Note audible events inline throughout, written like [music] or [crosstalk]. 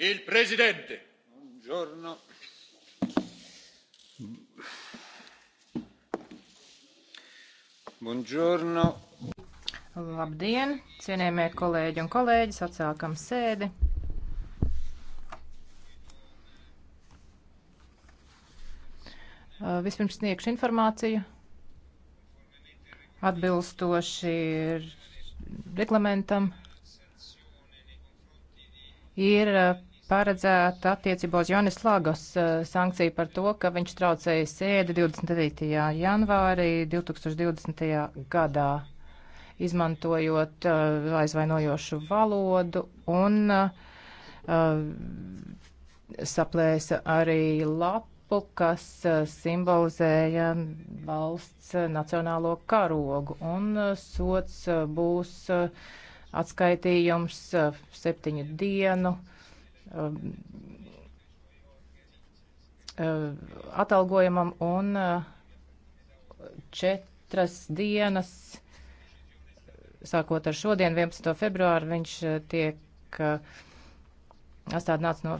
il presidente. Buongiorno. Buongiorno. Labdien, cienījamie kolēģi un kolēģis, atsākam sēdi. Vispirms sniegšu informāciju. Atbilstoši reglamentam ir paredzēta attiecībā uz Jonis Lagos eh, sankcija par to, ka viņš traucēja sēdi 29. janvārī 2020. gadā, izmantojot eh, aizvainojošu valodu un eh, saplēsa arī lapu, kas simbolizēja valsts nacionālo karogu, un sots būs atskaitījums septiņu dienu Um, atalgojumam un uh, četras dienas, sākot ar šodien, 11. februāru, viņš uh, tiek uh, astādināts no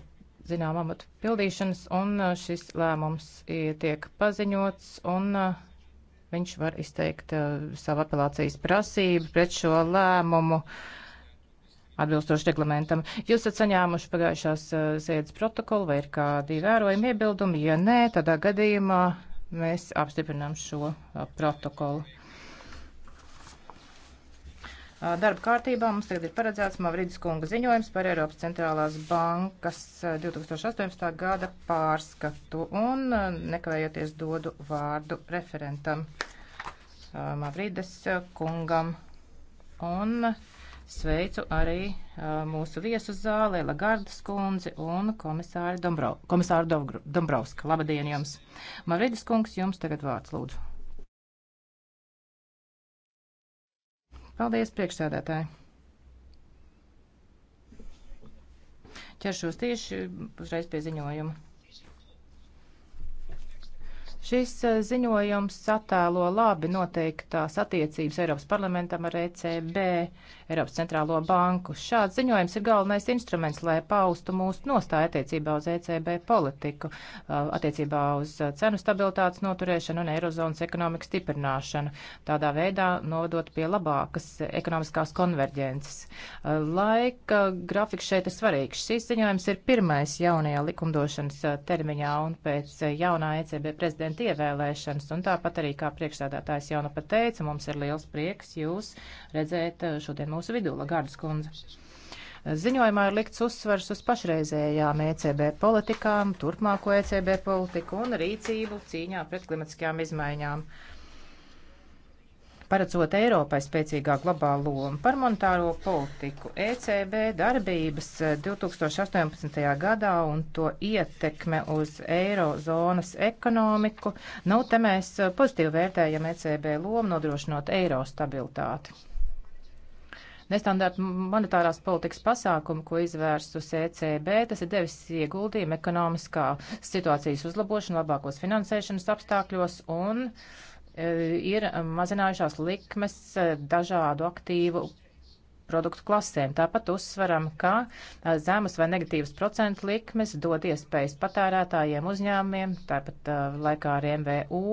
zinām amatu pildīšanas, un šis lēmums tiek paziņots, un viņš var izteikt savu apelācijas prasību pret šo lēmumu. Uh, atbilstoši reglamentam. Jūs esat saņēmuši pagājušās eh, sēdes protokolu vai ir kādi vērojumi iebildumi? Ja nē, tādā gadījumā mēs apstiprinām šo eh, protokolu. Darba kārtībā mums tagad ir paredzēts Mavridis kunga ziņojums par Eiropas centrālās bankas 2018. Eh, gada pārskatu un nekavējoties dodu vārdu referentam Mavrides kungam. Un Sveicu arī uh, mūsu viesus zālē Lagardas kundzi un komisāru, Dombro, komisāru Dovgru, Dombrovska. Labdien jums! Mavridis kungs, jums tagad vārds lūdzu. Paldies, priekšsēdētāji! Ķeršos tieši uzreiz pie ziņojuma. Šis ziņojums satēlo labi noteiktās attiecības Eiropas parlamentam ar ECB. Uh, Eiropas centrālo banku. Šāds ziņojums ir galvenais instruments, lai paustu mūsu nostāju attiecībā uz ECB politiku, uh, attiecībā uz uh, cenu stabilitātes noturēšanu un eirozonas ekonomikas stiprināšanu. Tādā veidā nodot pie labākas ekonomiskās konverģences. Uh, laika grafiks šeit ir svarīgs. Šis ziņojums ir pirmais jaunajā likumdošanas termiņā un pēc jaunā ECB prezidenta ievēlēšanas, un tāpat arī, kā priekšstādātājs jau nu pat teica, mums ir liels prieks jūs redzēt šodien mūsu mūsu vidū, Lagardas kundze. Ziņojumā ir likts uzsvers uz pašreizējām ECB politikām, turpmāko ECB politiku un rīcību cīņā pret klimatiskajām izmaiņām. Paredzot Eiropai spēcīgāku globālu lomu par monetāro politiku, ECB darbības 2018. Eh, gadā un to ietekme uz eirozonas ekonomiku, nu, te mēs eh, pozitīvi vērtējam ECB lomu nodrošinot eiro stabilitāti. Nestandārta monetārās politikas pasākumu, ko izvērsusi ECB, tas ir devis ieguldījumu ekonomiskā situācijas uzlabošanu, labākos finansēšanas apstākļos un e, ir mazinājušās likmes e, dažādu aktīvu produktu klasēm. Tāpat uzsveram, ka zemes vai negatīvas procentu likmes dod iespējas patērētājiem, uzņēmumiem, tāpat laikā arī MVU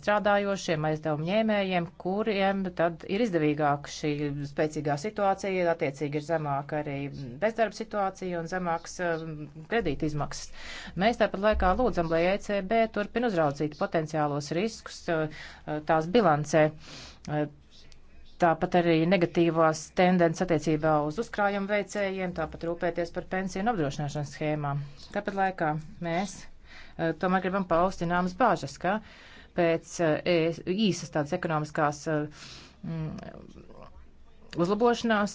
strādājošiem aizdevumu ņēmējiem, kuriem tad ir izdevīgāk šī spēcīgā situācija, attiecīgi ir zemāka arī bezdarba situācija un zemāks kredīta izmaksas. Mēs tāpat laikā lūdzam, lai ECB turpina uzraudzīt potenciālos riskus tās bilancē tāpat arī negatīvās tendences attiecībā uz uzkrājumu veicējiem, tāpat rūpēties par pensiju un apdrošināšanas schēmām. Tāpat laikā mēs eh, tomēr gribam paust zināmas bāžas, ka pēc eh, īsas tādas ekonomiskās eh, mm, uzlabošanās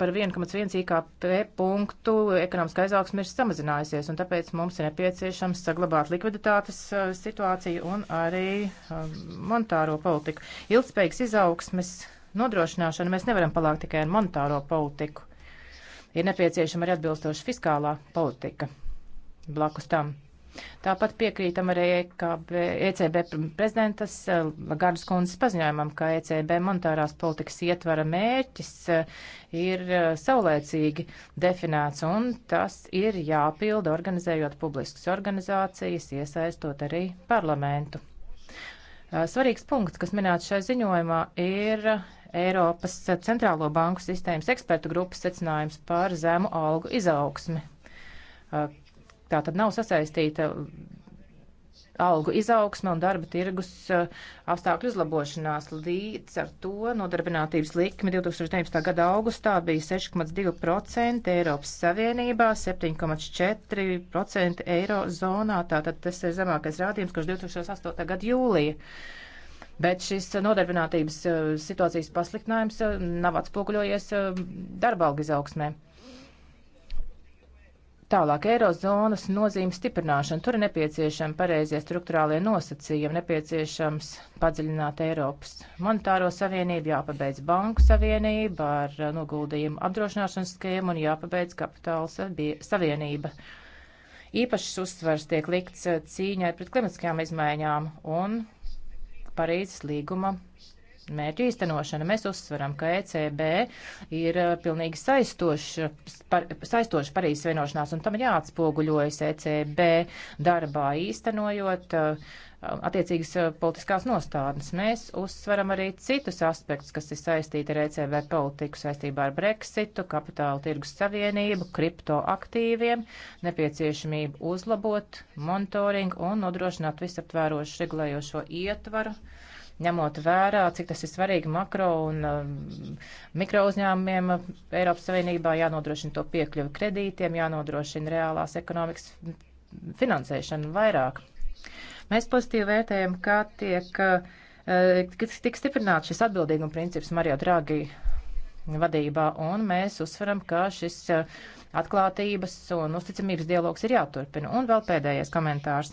par 1,1 IKP punktu ekonomiskā izaugsme ir samazinājusies, un tāpēc mums ir nepieciešams saglabāt likviditātes situāciju un arī monetāro politiku. Ilgspējīgs izaugsmes nodrošināšanu mēs nevaram palākt tikai ar monetāro politiku. Ir nepieciešama arī atbilstoša fiskālā politika blakus tam. Tāpat piekrītam arī EKB, ECB prezidentas eh, Lagardas kundzes paziņojumam, ka ECB monetārās politikas ietvara mērķis eh, ir eh, saulēcīgi definēts, un tas ir jāpilda organizējot publiskas organizācijas, iesaistot arī parlamentu. Svarīgs punkts, kas minēts šajā ziņojumā, ir Eiropas centrālo banku sistēmas ekspertu grupas secinājums par zemu algu izaugsmi. Uh, tā tad nav sasaistīta algu izaugsme un darba tirgus uh, apstākļu uzlabošanās. Līdz ar to nodarbinātības likme 2019. gada augustā bija 6,2% Eiropas Savienībā, 7,4% Eirozonā. Tātad tas ir zemākais rādījums, kurš 2008. gada jūlija bet šis nodarbinātības eh, situācijas pasliktinājums eh, nav atspoguļojies eh, darba alga izaugsmē. Tālāk eirozonas nozīme stiprināšana. Tur ir nepieciešami pareizie struktūrālie nosacījumi, nepieciešams padziļināt Eiropas monetāro savienību, jāpabeidz banku savienība ar noguldījumu apdrošināšanas skēmu un jāpabeidz kapitāla savienība. Īpašs uzsvars tiek likts cīņai pret klimatiskajām izmaiņām un Parīzes līguma mērķu īstenošana. Mēs uzsveram, ka ECB ir uh, pilnīgi saistošs, par, saistošs Parīzes vienošanās, un tam ir jāatspoguļojas ECB darbā īstenojot uh, Um, attiecīgas uh, politiskās nostādnes. Mēs uzsveram arī citus aspektus, kas ir saistīti ar ECB politiku saistībā ar Brexitu, kapitāla tirgus savienību, kriptoaktīviem, nepieciešamību uzlabot monitoringu un nodrošināt visaptvērošu regulējošo ietvaru ņemot vērā, cik tas ir svarīgi makro un um, mikro uzņēmumiem Eiropas Savienībā, jānodrošina to piekļuvi kredītiem, jānodrošina reālās ekonomikas finansēšana vairāk. Mēs pozitīvi vērtējam, kā tiek, eh, tiek stiprināts šis atbildīguma princips Mario Draghi vadībā, un mēs uzsveram, ka šis eh, atklātības un uzticamības dialogs ir jāturpina. Un vēl pēdējais komentārs.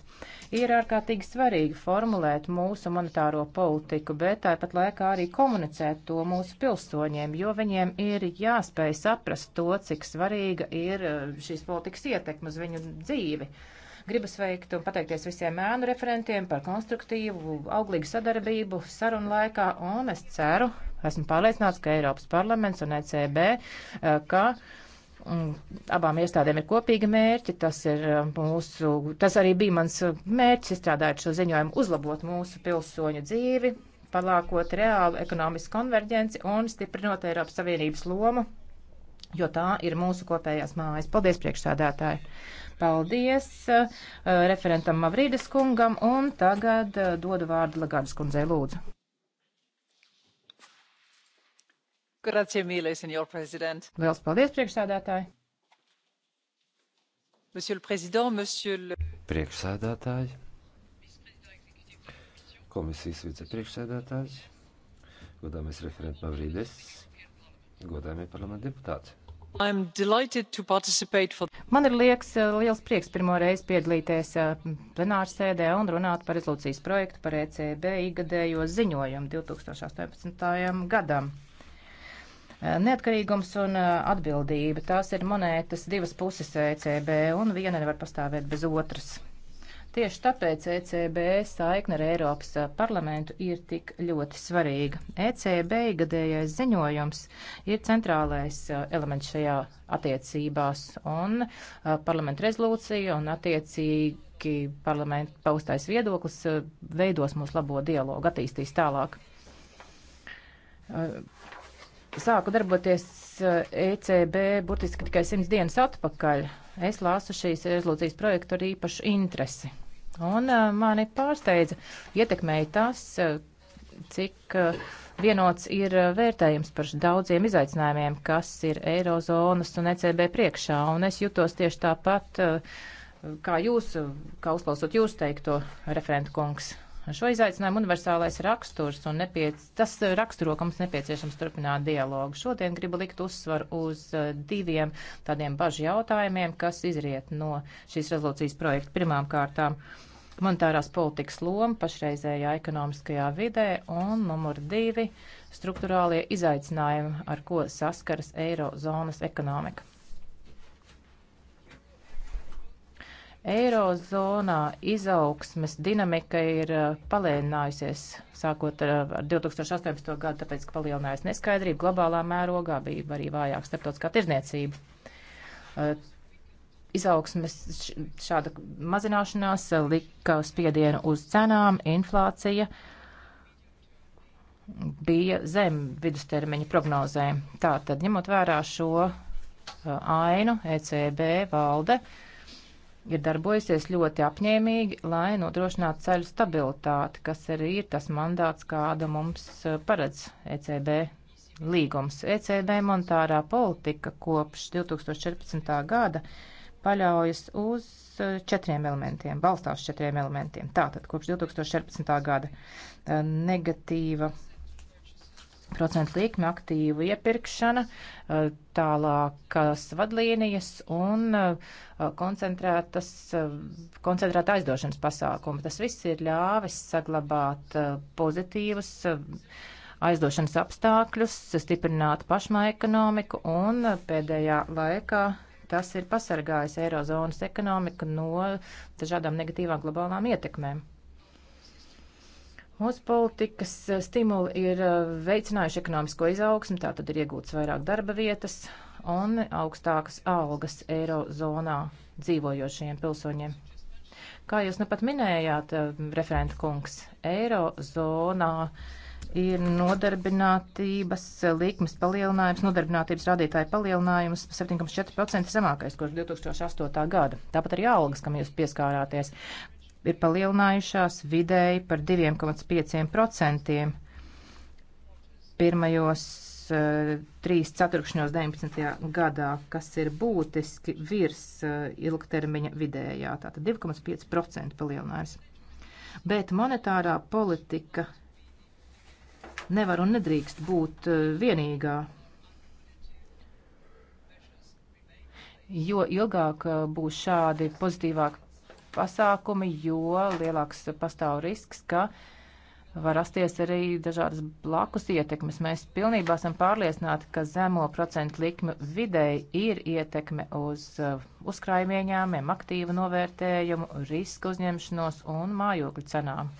Ir ārkārtīgi svarīgi formulēt mūsu monetāro politiku, bet tāpat laikā arī komunicēt to mūsu pilsoņiem, jo viņiem ir jāspēj saprast to, cik svarīga ir eh, šīs politikas ietekme uz viņu dzīvi. Gribu sveikt un pateikties visiem ēnu referentiem par konstruktīvu, auglīgu sadarbību sarunu laikā, un es ceru, esmu pārliecināts, ka Eiropas parlaments un ECB, eh, ka mm, abām iestādēm ir kopīga mērķi. Tas, ir eh, mūsu, tas arī bija mans mērķis, izstrādājot šo ziņojumu, uzlabot mūsu pilsoņu dzīvi, palākot reālu ekonomisku konverģenci un stiprinot Eiropas Savienības lomu, jo tā ir mūsu kopējās mājas. Paldies, priekšsādātāji! Paldies uh, referentam Mavrīdis kungam un tagad uh, dodu vārdu Lagardas kundzei lūdzu. Grazie mīļai, senjor prezident. Liels paldies, priekšsēdētāji. Monsieur le Président, Monsieur le... Priekšsēdētāji, komisijas vicepriekšsēdētājs, godāmais referents Mavrīdis, godāmie parlamenta deputāti. For... Man ir liekas, eh, liels prieks pirmo reizi piedalīties eh, plenārsēdē un runāt par rezolūcijas projektu par ECB igadējo ziņojumu 2018. gadam. Eh, neatkarīgums un atbildība - tās ir monētas divas puses ECB, un viena nevar pastāvēt bez otras. Tieši tāpēc ECB saikne ar Eiropas parlamentu ir tik ļoti svarīga. ECB gadējais ziņojums ir centrālais elements šajā attiecībās un parlamentu rezolūcija un attiecīgi parlamentu paustais viedoklis veidos mūsu labo dialogu, attīstīs tālāk. Sāku darboties ECB burtiski tikai simts dienas atpakaļ. Es lāsu šīs rezolūcijas projektu ar īpašu interesi. Un uh, mani pārsteidza, ietekmēja tas, uh, cik uh, vienots ir uh, vērtējums par daudziem izaicinājumiem, kas ir Eirozonas un ECB priekšā. Un es jutos tieši tāpat, uh, kā jūs, kā uzklausot jūs teikto, referentu kungs. Šo izaicinājumu universālais raksturs un nepiec, tas raksturo, ka mums nepieciešams turpināt dialogu. Šodien gribu likt uzsvaru uz uh, diviem tādiem bažu jautājumiem, kas izriet no šīs rezolūcijas projekta pirmām kārtām. Uh, monetārās politikas loma pašreizējā ekonomiskajā vidē un numur divi - struktūrālie izaicinājumi, ar ko saskaras eirozonas ekonomika. Eirozonā izaugsmes dinamika ir uh, palēninājusies sākot uh, ar 2018. gadu, tāpēc, ka palielinājās neskaidrība globālā mērogā, bija arī vājāka starptautiskā tirzniecība uh, izaugsmes šāda mazināšanās eh, lika spiedienu uz cenām, inflācija bija zem vidustermiņa prognozēm. Tātad, ņemot vērā šo eh, ainu, ECB valde ir darbojusies ļoti apņēmīgi, lai nodrošinātu ceļu stabilitāti, kas arī ir tas mandāts, kāda mums eh, paredz ECB līgums. ECB monetārā politika kopš 2014. gada paļaujas uz uh, četriem elementiem, balstās četriem elementiem. Tātad kopš 2014. gada uh, negatīva procentu likme, aktīvu iepirkšana, uh, tālākas vadlīnijas un koncentrētas, koncentrēta aizdošanas pasākumi. Tas viss ir ļāvis saglabāt pozitīvus aizdošanas apstākļus, stiprināt pašmā ekonomiku un pēdējā laikā Tas ir pasargājis Eirozonas ekonomiku no dažādām negatīvām globālām ietekmēm. Mūsu politikas stimuli ir uh, veicinājuši ekonomisko izaugsmu, tā tad ir iegūts vairāk darba vietas un augstākas algas Eirozonā dzīvojošiem pilsoņiem. Kā jūs nu pat minējāt, uh, referenta kungs, Eirozonā uh, ir nodarbinātības likmes palielinājums, nodarbinātības rādītāja palielinājums 7,4% zemākais kopš 2008. gada. Tāpat arī algas, kam jūs pieskārāties, ir palielinājušās vidēji par 2,5% pirmajos uh, trīs ceturkšņos 19. gadā, kas ir būtiski virs uh, ilgtermiņa vidējā, tātad 2,5% palielinājums. Bet monetārā politika uh, nevar un nedrīkst būt eh, vienīgā. Jo ilgāk eh, būs šādi pozitīvāki pasākumi, jo lielāks pastāv risks, ka var rasties arī dažādas blakus ietekmes. Mēs pilnībā esam pārliecināti, ka zemo procentu likmi videi ir ietekme uz eh, uzkrājumieņēmiem, aktīvu novērtējumu, risku uzņemšanos un mājokļu cenām.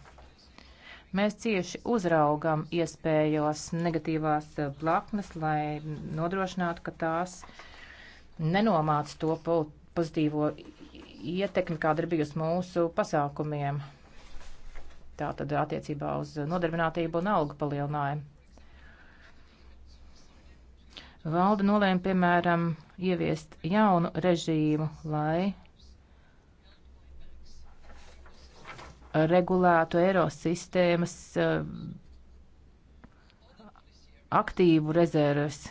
Mēs cieši uzraugam iespējos negatīvās eh, blaknes, lai nodrošinātu, ka tās nenomāc to pozitīvo ietekmi, kāda ir bijusi mūsu pasākumiem. Tātad attiecībā uz nodarbinātību un algu palielinājumu. Valda nolēma, piemēram, ieviest jaunu režīmu, lai regulētu Eiros sistēmas eh, aktīvu rezerves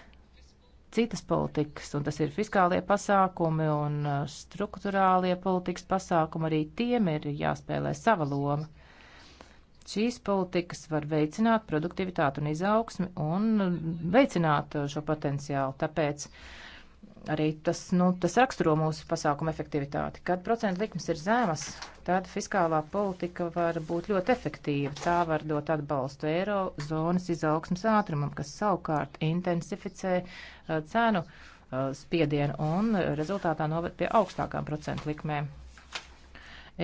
citas politikas, un tas ir fiskālie pasākumi un eh, struktūrālie politikas pasākumi, arī tiem ir jāspēlē sava loma. Šīs politikas var veicināt produktivitātu un izaugsmi un eh, veicināt šo potenciālu. Tāpēc uh, arī tas, nu, tas raksturo mūsu pasākumu efektivitāti. Kad procentu likmes ir zemas, tad fiskālā politika var būt ļoti efektīva. Tā var dot atbalstu eiro zonas izaugsmas ātrumam, kas savukārt intensificē uh, cenu uh, spiedienu un rezultātā noved pie augstākām procentu likmēm.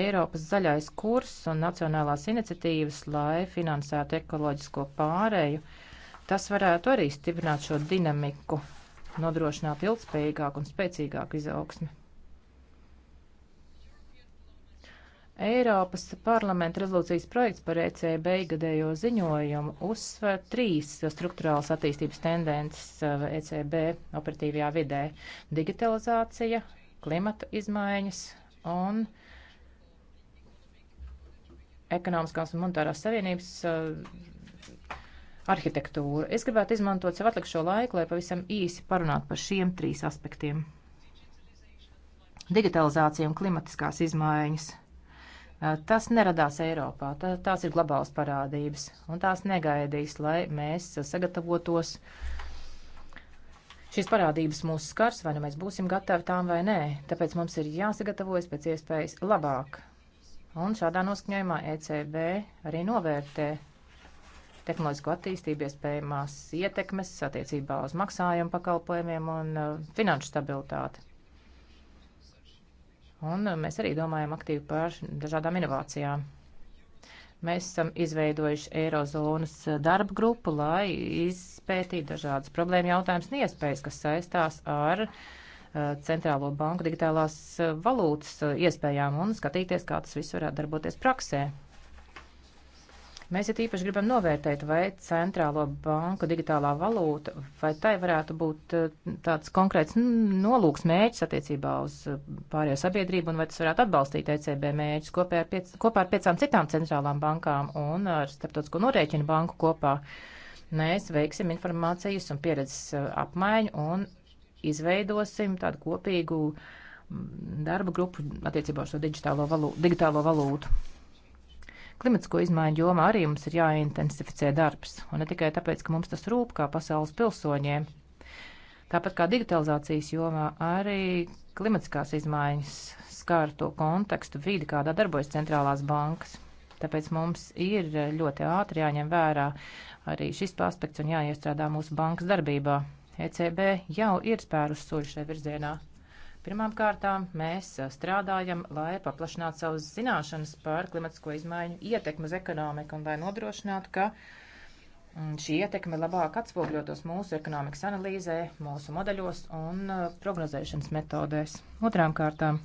Eiropas zaļais kurs un nacionālās iniciatīvas, lai finansētu ekoloģisko pārēju, tas varētu arī stiprināt šo dinamiku nodrošināt ilgspējīgāku un spēcīgāku izaugsmi. Eiropas parlamenta rezolūcijas projekts par ECB gadējo ziņojumu uzsver trīs struktūrālas attīstības tendences uh, ECB operatīvajā vidē - digitalizācija, klimata izmaiņas un ekonomiskās un monetārās savienības uh, arhitektūru. Es gribētu izmantot sev atlikušo laiku, lai pavisam īsi parunātu par šiem trīs aspektiem. Digitalizācija un klimatiskās izmaiņas. Eh, tas neradās Eiropā, tā, tās ir globālas parādības, un tās negaidīs, lai mēs sagatavotos. Šīs parādības mūs skars, vai nu mēs būsim gatavi tām vai nē, tāpēc mums ir jāsagatavojas pēc iespējas labāk. Un šādā noskaņojumā ECB arī novērtē tehnoloģisko attīstību, iespējamās ietekmes attiecībā uz maksājumu pakalpojumiem un uh, finanšu stabilitāti. Un uh, mēs arī domājam aktīvi par dažādām inovācijām. Mēs esam izveidojuši Eirozonas uh, darba grupu, lai izpētītu dažādas problēma jautājumas un iespējas, kas saistās ar centrālo banku digitālās valūtas iespējām un skatīties, kā tas viss varētu darboties praksē. Mēs it īpaši gribam novērtēt, vai centrālo banku digitālā valūta, vai tai varētu būt eh, tāds konkrēts nolūks mērķis attiecībā uz eh, pārējo sabiedrību, un vai tas varētu atbalstīt ECB mērķis kopā ar, piec, kopā ar piecām citām centrālām bankām un ar starptautisko norēķinu banku kopā. Mēs veiksim informācijas un pieredzes eh, apmaiņu un izveidosim tādu kopīgu darba grupu attiecībā uz šo digitālo valūtu. Digitālo valūtu. Klimatisko izmaiņu jomā arī mums ir jāintensificē darbs, un ne tikai tāpēc, ka mums tas rūp kā pasaules pilsoņiem. Tāpat kā digitalizācijas jomā, arī klimatiskās izmaiņas skār to kontekstu vidi, kādā darbojas centrālās bankas. Tāpēc mums ir ļoti ātri jāņem vērā arī šis aspekts un jāiestrādā mūsu bankas darbībā. ECB jau ir spērus soļu šajā virzienā. Pirmām kārtām mēs strādājam, lai paplašinātu savas zināšanas par klimatisko izmaiņu ietekmi uz ekonomiku un lai nodrošinātu, ka mm, šī ietekme labāk atspoguļotos mūsu ekonomikas analīzē, mūsu modeļos un prognozēšanas metodēs. Otrām kārtām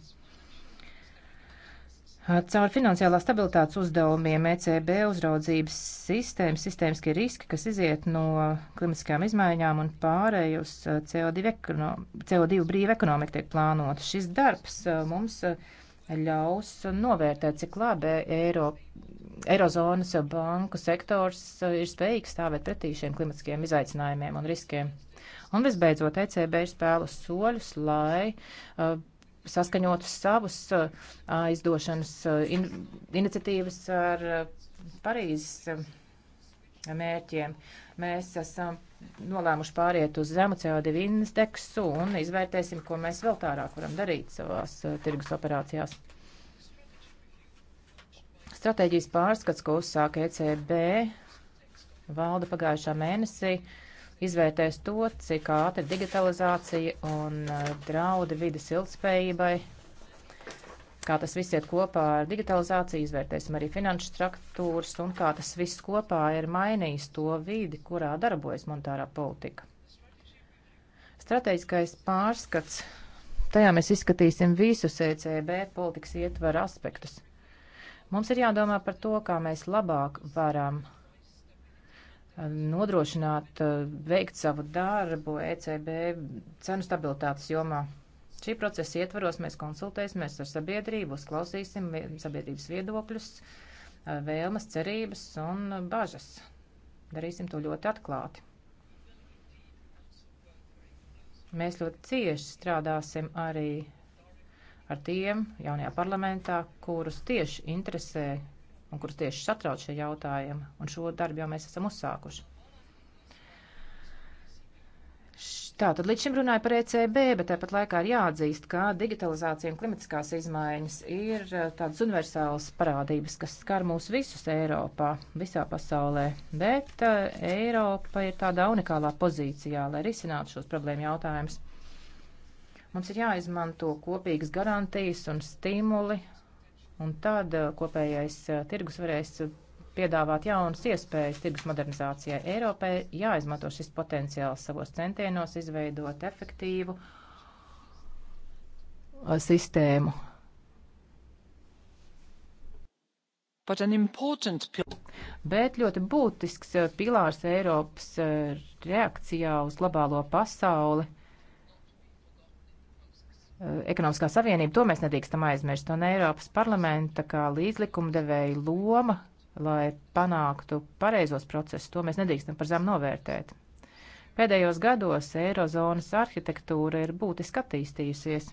Caur finansiālā stabilitātes uzdevumiem ECB uzraudzības sistēmas, sistēmiskie riski, kas iziet no klimatiskajām izmaiņām un pārēj uz CO2, ekono, CO2 brīvu ekonomiku tiek plānota. Šis darbs mums ļaus novērtēt, cik labi Eiro, Eirozonas banku sektors ir spējīgs stāvēt pretī šiem klimatiskiem izaicinājumiem un riskiem. Un visbeidzot, ECB ir spēlus soļus, lai uh, saskaņotu savus aizdošanas in iniciatīvas ar Parīzes mērķiem. Mēs esam nolēmuši pāriet uz zemu CO2 indeksu un izvērtēsim, ko mēs vēl tālāk varam darīt savās tirgus operācijās. Stratēģijas pārskats, ko uzsāka ECB, valda pagājušā mēnesī. Uh, izvērtēs to, cik ātri digitalizācija un eh, draudi vidas ilgspējībai, kā tas viss iet kopā ar digitalizāciju, izvērtēsim arī finanšu struktūras un kā tas viss kopā ir mainījis to vidi, kurā darbojas monetārā politika. Stratēģiskais pārskats. Tajā mēs izskatīsim visus ECB politikas ietvaru aspektus. Mums ir jādomā par to, kā mēs labāk varam nodrošināt, eh, veikt savu darbu ECB cenu stabilitātes jomā. Šī procesa ietvaros mēs konsultēsimies ar sabiedrību, uzklausīsim sabiedrības viedokļus, eh, vēlmes, cerības un bažas. Darīsim to ļoti atklāti. Mēs ļoti cieši strādāsim arī ar tiem jaunajā parlamentā, kurus tieši interesē un kurus tieši satrauc šie jautājumi, un šo darbu jau mēs esam uzsākuši. Tā, tad līdz šim runāja par ECB, bet tāpat laikā ir jāatzīst, ka digitalizācija un klimatiskās izmaiņas ir eh, tādas universālas parādības, kas skar mūs visus Eiropā, visā pasaulē. Bet uh, Eiropa ir tādā unikālā pozīcijā, lai risinātu šos problēmu jautājumus. Mums ir jāizmanto kopīgas garantijas un stimuli, Un tad eh, kopējais eh, tirgus varēs eh, piedāvāt jaunas iespējas tirgus modernizācijai. Eiropai jāizmanto šis potenciāls savos centienos izveidot efektīvu sistēmu. Important... Bet ļoti būtisks pilārs Eiropas reakcijā uz globālo pasauli Eh, ekonomiskā savienība, to mēs nedrīkstam aizmirst, un Eiropas parlamenta kā līdzlikumdevēja loma, lai panāktu pareizos procesus, to mēs nedrīkstam par zem novērtēt. Pēdējos gados eirozonas arhitektūra ir būtiski attīstījusies,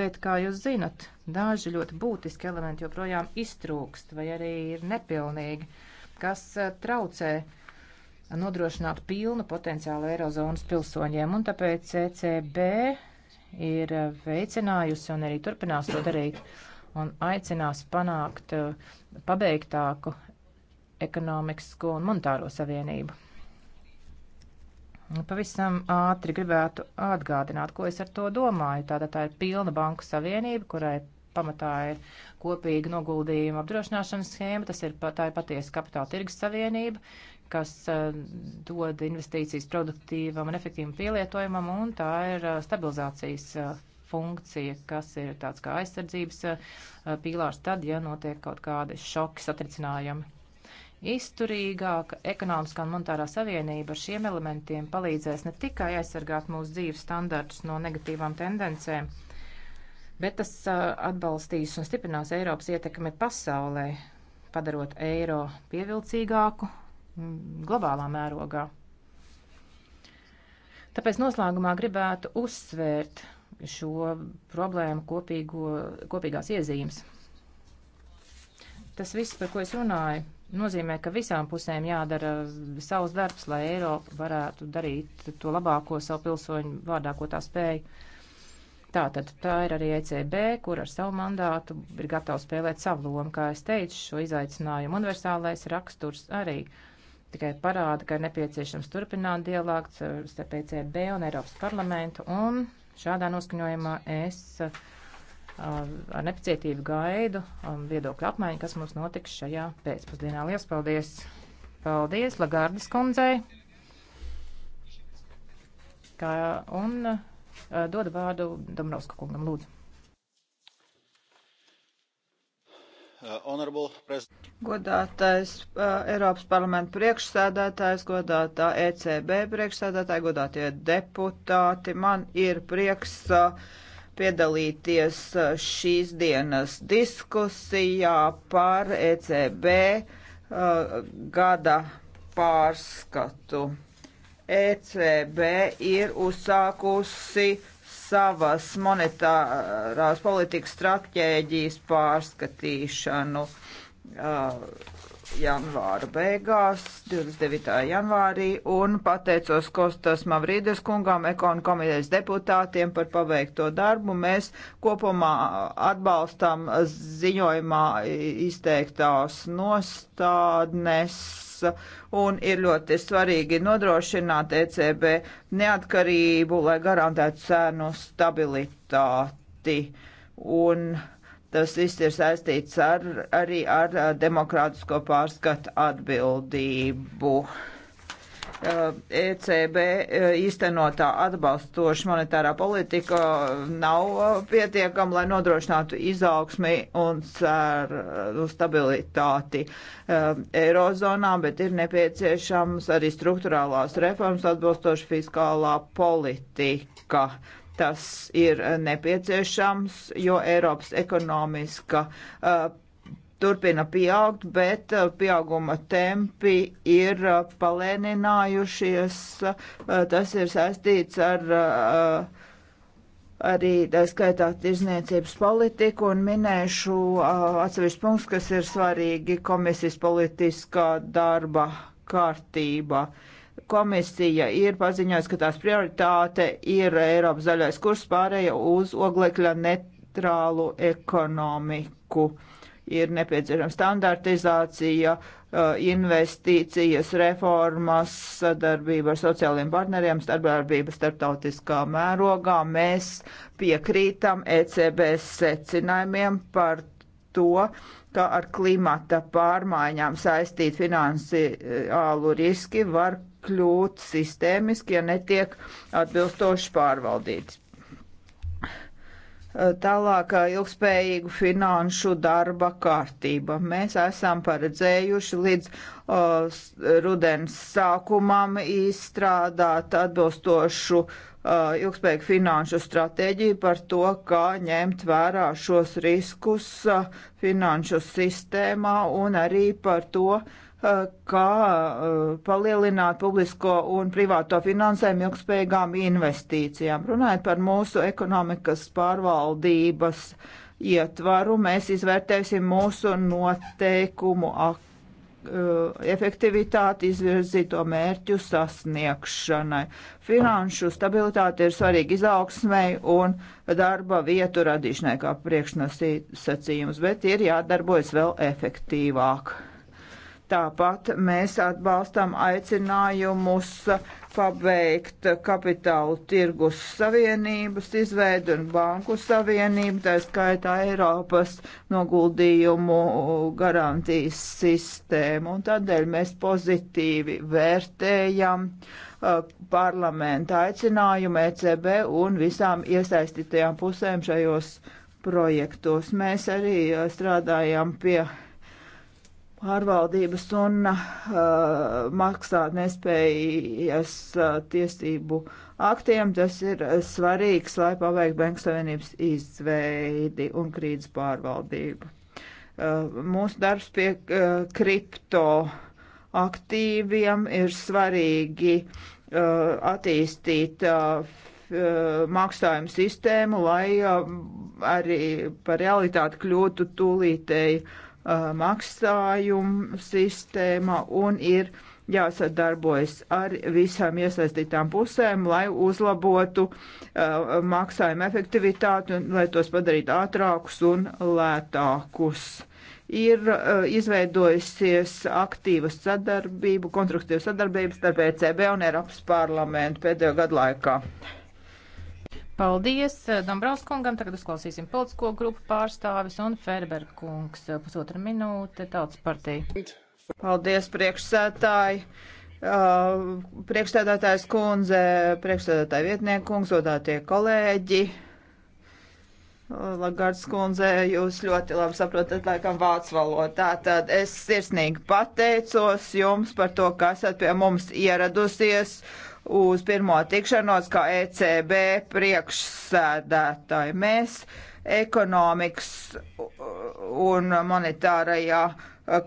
bet, kā jūs zinat, daži ļoti būtiski elementi joprojām iztrūkst vai arī ir nepilnīgi, kas eh, traucē nodrošināt pilnu potenciālu eirozonas pilsoņiem, un tāpēc ECB ir eh, veicinājusi un arī turpinās to darīt un aicinās panākt eh, pabeigtāku ekonomisko un monetāro savienību. Pavisam ātri gribētu atgādināt, ko es ar to domāju. Tātad tā ir pilna banku savienība, kurai pamatā ir kopīga noguldījuma apdrošināšanas schēma, tas ir, tā ir patiesa kapitāla tirgus savienība, kas eh, dod investīcijas produktīvam un efektīvam pielietojumam, un tā ir eh, stabilizācijas eh, funkcija, kas ir tāds kā aizsardzības pīlārs tad, ja notiek kaut kādi šoki satricinājumi. Izturīgāka ekonomiskā un monetārā savienība ar šiem elementiem palīdzēs ne tikai aizsargāt mūsu dzīves standartus no negatīvām tendencēm, bet tas atbalstīs un stiprinās Eiropas ietekmi pasaulē, padarot eiro pievilcīgāku Mm, globālā mērogā. Tāpēc noslēgumā gribētu uzsvērt šo problēmu kopīgo, kopīgās iezīmes. Tas viss, par ko es runāju, nozīmē, ka visām pusēm jādara savs darbs, lai Eiropa varētu darīt to labāko savu pilsoņu vārdā, ko tā spēja. Tātad tā ir arī ECB, kur ar savu mandātu ir gatava spēlēt savu lomu. Kā es teicu, šo izaicinājumu universālais raksturs arī uh, tikai parāda, ka ir nepieciešams turpināt dialogu starp ECB un Eiropas parlamentu, un šādā noskaņojumā es uh, ar nepacietību gaidu um, viedokļu apmaiņu, kas mums notiks šajā pēcpusdienā. Lielas paldies! Paldies Lagardas kundzei! Kā, un uh, dod vārdu Dombrovska kungam, lūdzu. Uh, Godātais uh, Eiropas parlamenta priekšsēdētājs, godātā ECB priekšsēdētāja, godātie deputāti, man ir prieks uh, piedalīties uh, šīs dienas diskusijā par ECB uh, gada pārskatu. ECB ir uzsākusi savas monetārās politikas stratēģijas pārskatīšanu. Uh, janvāra beigās, 29. janvārī, un pateicos Kostas Mavrīdes kungām, ekonu komitejas deputātiem par paveikto darbu. Mēs kopumā atbalstam ziņojumā izteiktās nostādnes un ir ļoti svarīgi nodrošināt ECB neatkarību, lai garantētu cēnu stabilitāti. Un Tas viss ir saistīts ar, arī ar demokrātisko pārskatu atbildību. ECB īstenotā atbalstoša monetārā politika nav pietiekama, lai nodrošinātu izaugsmi un ceru stabilitāti Eirozonā, bet ir nepieciešams arī struktūrālās reformas atbalstoša fiskālā politika Tas ir nepieciešams, jo Eiropas ekonomiska uh, turpina pieaugt, bet uh, pieauguma tempi ir uh, palēninājušies. Uh, tas ir saistīts ar arī tā skaitā tirzniecības politiku un minēšu atsevišķu punktus, kas ir svarīgi komisijas politiskā darba kārtībā. Uh, Komisija ir paziņojusi, ka tās prioritāte ir Eiropas zaļais kurs pārēja uz oglekļa neitrālu ekonomiku. Ir nepieciešama standartizācija, uh, investīcijas, reformas, sadarbība ar sociāliem partneriem, starpdarbība starptautiskā mērogā. Mēs piekrītam ECB secinājumiem par to, ka ar klimata pārmaiņām saistīt finansiālu riski var kļūt sistēmiski, ja netiek atbilstoši pārvaldīts. Tālāk ilgspējīgu finanšu darba kārtība. Mēs esam paredzējuši līdz uh, rudens sākumam izstrādāt atbilstošu uh, ilgspējīgu finanšu stratēģiju par to, kā ņemt vērā šos riskus finanšu sistēmā un arī par to, kā eh, palielināt publisko un privāto finansējumu ilgspējīgām investīcijām. Runājot par mūsu ekonomikas pārvaldības ietvaru, mēs izvērtēsim mūsu noteikumu eh, efektivitāti izvirzīto mērķu sasniegšanai. Finanšu stabilitāte ir svarīga izaugsmai un darba vietu radīšanai kā priekšnosacījums, bet ir jādarbojas vēl efektīvāk. Tāpat mēs atbalstam aicinājumus pabeigt kapitālu tirgus savienības izveidu un banku savienību, tā skaitā Eiropas noguldījumu garantijas sistēmu. Un tādēļ mēs pozitīvi vērtējam uh, parlamenta aicinājumu ECB un visām iesaistītajām pusēm šajos projektos. Mēs arī uh, strādājam pie pārvaldības un uh, maksāt nespējas uh, tiesību aktiem. Tas ir svarīgs, lai paveiktu Banku Savienības izveidi un krīzes pārvaldību. Uh, mūsu darbs pie uh, kripto aktīviem ir svarīgi uh, attīstīt uh, uh maksājumu sistēmu, lai uh, arī par realitāti kļūtu tūlītēji uh, maksājumu sistēma un ir jāsadarbojas ar visām iesaistītām pusēm, lai uzlabotu uh, maksājumu efektivitāti un lai tos padarītu ātrākus un lētākus. Ir uh, izveidojusies aktīva sadarbība, konstruktīva sadarbība starp ECB un Eiropas parlamentu pēdējo gadu laikā. Paldies eh, Dombrovskungam. Tagad uzklausīsim politisko grupu pārstāvis un Ferberkungs. Eh, pusotra minūte tautas partija. Paldies priekšsētāji. Uh, eh, priekšstādātājs kundze, priekšstādātāja vietnieku kungs, godātie kolēģi. Lagards kundze, jūs ļoti labi saprotat, laikam, vācu valodā. Tad es sirsnīgi pateicos jums par to, ka esat pie mums ieradusies. Uh, uz pirmo tikšanos kā ECB priekšsēdētāji. Mēs ekonomikas un monetārajā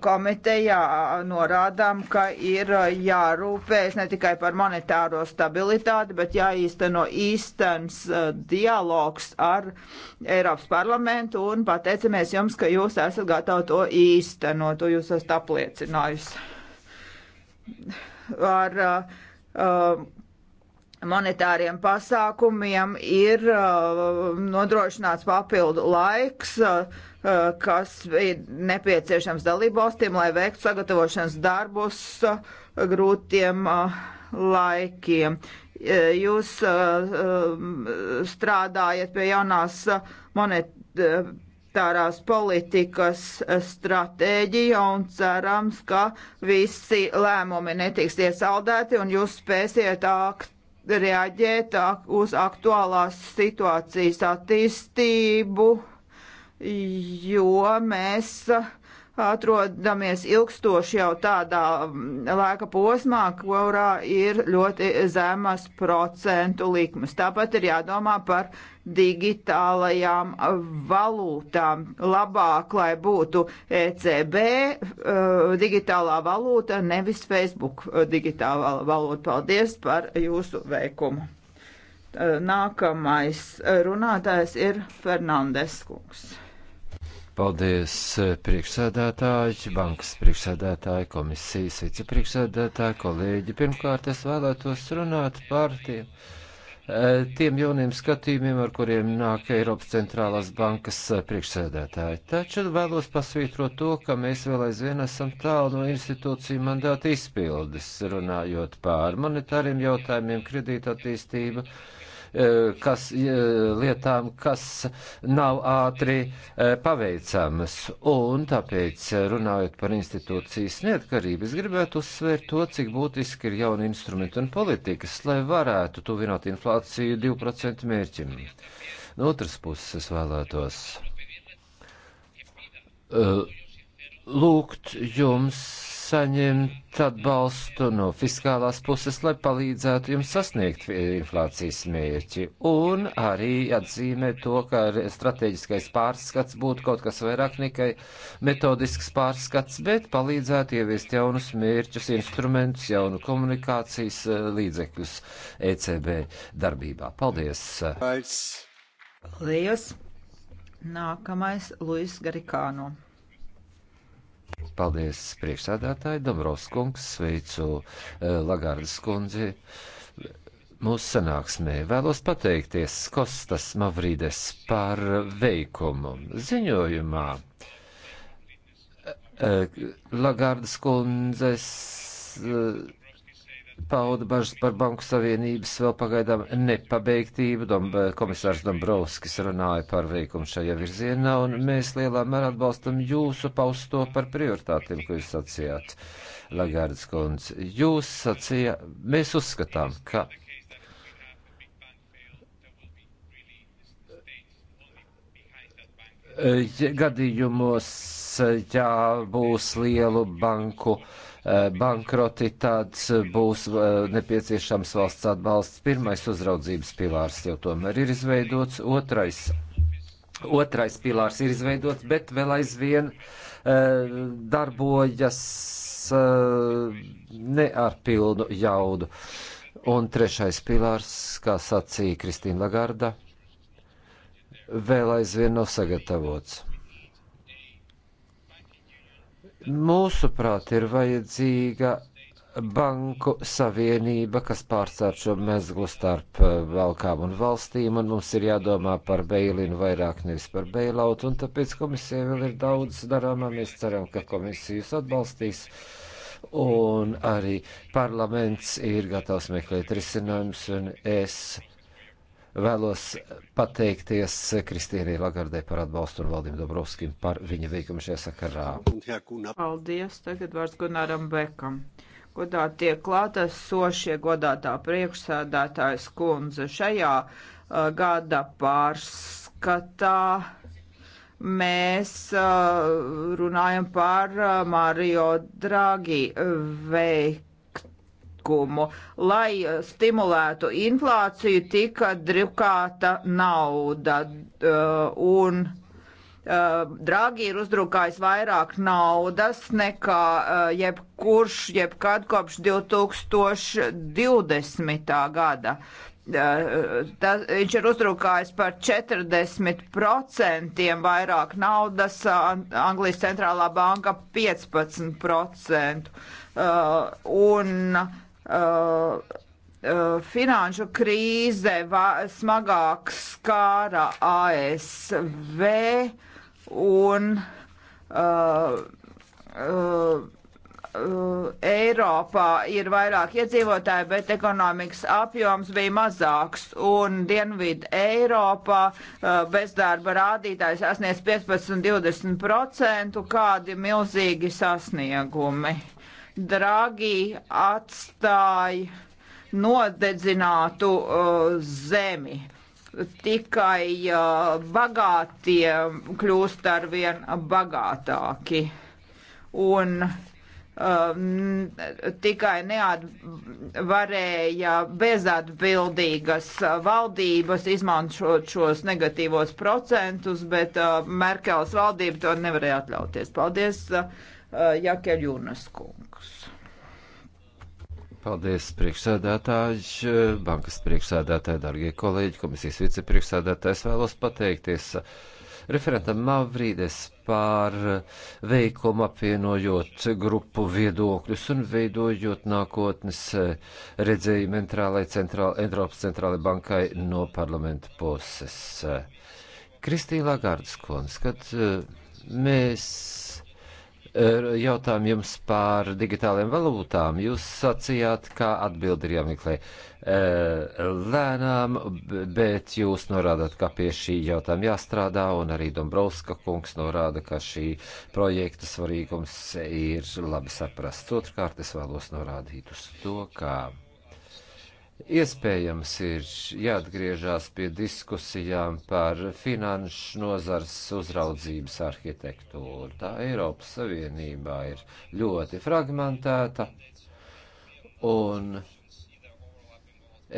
komitejā norādām, ka ir jārūpēs ne tikai par monetāro stabilitāti, bet jāīsteno īstens eh, dialogs ar Eiropas parlamentu un pateicamies jums, ka jūs esat gatavi to īstenot, to jūs esat apliecinājusi. Ar uh, uh, monetāriem pasākumiem ir uh, nodrošināts papildu laiks, uh, kas ir nepieciešams dalībvalstīm, lai veiktu sagatavošanas darbus uh, grūtiem uh, laikiem. Uh, jūs uh, um, strādājat pie jaunās monetāras monetārās politikas eh, stratēģija un cerams, ka visi lēmumi netiks iesaldēti un jūs spēsiet akt reaģēt uz aktuālās situācijas attīstību, jo mēs uh, atrodamies ilgstoši jau tādā mm, laika posmā, kurā ir ļoti zemas procentu likmes. Tāpat ir jādomā par digitālajām valūtām. Labāk, lai būtu ECB eh, digitālā valūta, nevis Facebook eh, digitālā valūta. Paldies par jūsu veikumu. Eh, nākamais runātājs ir Fernandes Kungs. Paldies eh, priekšsēdētāji, bankas priekšsēdētāji, komisijas vicepriekšsēdētāji, kolēģi. Pirmkārt, es vēlētos runāt par tiem eh, tiem jauniem skatījumiem, ar kuriem nāk Eiropas centrālās bankas eh, priekšsēdētāji. Taču vēlos pasvītrot to, ka mēs vēl aizvien esam tālu no institūciju mandāta izpildes, runājot pār monetāriem jautājumiem, kredīta attīstība. Eh, kas, eh, lietām, kas nav ātri eh, paveicamas. Un tāpēc, runājot par institūcijas neatkarību, es gribētu uzsvērt to, cik būtiski ir jauni instrumenti un politikas, lai varētu tuvināt inflāciju 2% mērķim. No otras puses, es vēlētos lūgt jums saņemt atbalstu no fiskālās puses, lai palīdzētu jums sasniegt inflācijas mērķi, un arī atzīmē to, ka strateģiskais pārskats būtu kaut kas vairāk nekā metodisks pārskats, bet palīdzētu ieviest jaunus mērķus, instrumentus, jaunu komunikācijas eh, līdzekļus ECB darbībā. Paldies! Paldies! Lielas! Nākamais Luis Garikāno. Paldies, priekšsādātāji, Dobrovskungs, sveicu eh, Lagardas kundzi mūsu sanāksmē vēlos pateikties Kostas Mavrīdes par veikumu ziņojumā. Eh, Lagardas kundzes eh, pauda bažas par Banku Savienības vēl pagaidām nepabeigtību. Dom, komisārs Dombrovskis runāja par veikumu šajā virzienā, un mēs lielā mērā atbalstam jūsu pausto par prioritātiem, ko jūs sacījāt, Lagardas kundze. Jūs sacījāt, mēs uzskatām, ka gadījumos, ja būs lielu banku Eh, bankroti, tad būs eh, nepieciešams valsts atbalsts. Pirmais uzraudzības pilārs jau tomēr ir izveidots, otrais, otrais pilārs ir izveidots, bet vēl aizvien eh, darbojas ne ar pilnu jaudu. Un trešais pilārs, kā sacīja Kristīna Lagarda, vēl aizvien nav sagatavots. Mūsuprāt, ir vajadzīga banku savienība, kas pārcēr šo mezglu starp eh, valkām un valstīm, un mums ir jādomā par beilinu vairāk nevis par beilautu, un tāpēc komisija vēl ir daudz darāmā. Mēs ceram, ka komisija jūs atbalstīs, un arī parlaments ir gatavs meklēt risinājumus, un es Vēlos pateikties Kristīnai Lagardai par atbalstu un Valdim Dobrovskim par viņa veikumu šajā sakarā. Paldies, tagad vārds Gunaram Bekam. Godā tie klātas sošie godātā priekšsēdētājs kundze šajā uh, gada pārskatā mēs uh, runājam par uh, Mario Draghi veikumu likumu. Lai uh, stimulētu inflāciju, tika drukāta nauda uh, un uh, Dragi ir uzdrukājis vairāk naudas nekā jebkurš, jebkad kopš 2020. gada. Tā, viņš ir uzdrukājis par 40% vairāk naudas, Anglijas centrālā banka 15%. Un Uh, uh, finanšu krīze smagāk skāra ASV un uh, uh, uh, Eiropā ir vairāk iedzīvotāji, bet ekonomikas apjoms bija mazāks. Un Dienvidu Eiropā uh, bezdarba rādītājs sasniedz 15-20%, kādi milzīgi sasniegumi. Uh, Dragi atstāja nodedzinātu uh, zemi. Tikai uh, bagātie kļūst ar vien bagātāki. Un um, tikai neat, varēja bezatbildīgas valdības izmantot šos negatīvos procentus, bet uh, Merkels valdība to nevarēja atļauties. Paldies! Uh, Eh, Jakeļunas kungs. Paldies, priekšsēdētāji, eh, bankas priekšsēdētāji, darbie kolēģi, komisijas vicepriekšsēdētājs. Vēlos pateikties referentam Mavrīdes par veikumu apvienojot grupu viedokļus un veidojot nākotnes eh, redzējumu centrālai, centrālai, Eiropas centrālai bankai no parlamenta puses. Kristīlā Gārdas kundze, kad mēs Er, jautājumu jums par digitālajām valūtām. Jūs sacījāt, ka atbildi ir jāmeklē e, lēnām, bet jūs norādāt, ka pie šī jautājuma jāstrādā, un arī Dombrovska kungs norāda, ka šī projekta svarīgums ir labi saprasts. Otrkārt, es vēlos norādīt uz to, ka Iespējams ir jāatgriežās pie diskusijām par finanšu nozars uzraudzības arhitektūru. Tā Eiropas Savienībā ir ļoti fragmentēta un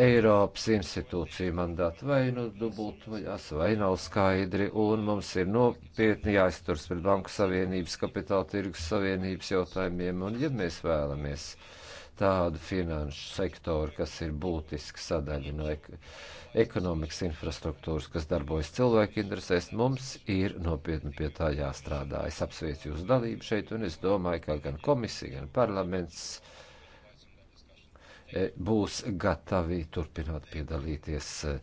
Eiropas institūciju mandāti vai nu dubultojas, vai nav skaidri, un mums ir nopietni jāizturs pret Banku Savienības, Kapitāla tirgus Savienības jautājumiem, un ja mēs vēlamies uh, tādu finanšu sektoru, kas ir būtiska sadaļa no ek ekonomikas infrastruktūras, kas darbojas cilvēku interesēs, mums ir nopietni pie tā jāstrādā. Es apsveicu jūsu dalību šeit, un es domāju, ka gan komisija, gan parlaments e, būs gatavi turpināt piedalīties e,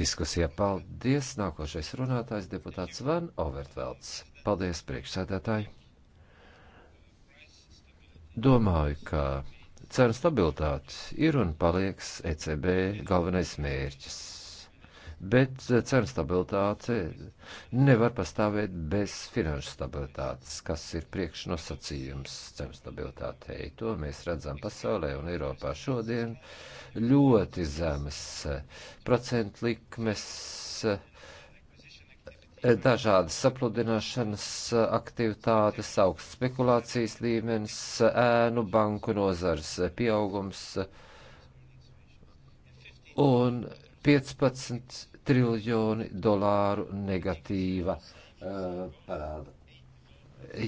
diskusijā. Paldies! Nākošais runātājs deputāts Van Overtvelds. Paldies, priekšsēdētāji! Domāju, ka cenu stabilitāte ir un paliks ECB galvenais mērķis. Bet eh, cenu stabilitāte nevar pastāvēt bez finanšu stabilitātes, kas ir priekšnosacījums cenu stabilitātei. To mēs redzam pasaulē un Eiropā šodien ļoti zemes eh, procentu likmes eh, dažādas sapludināšanas aktivitātes, augsts spekulācijas līmenis, ēnu banku nozars pieaugums un 15 triljoni dolāru negatīva uh, parāda.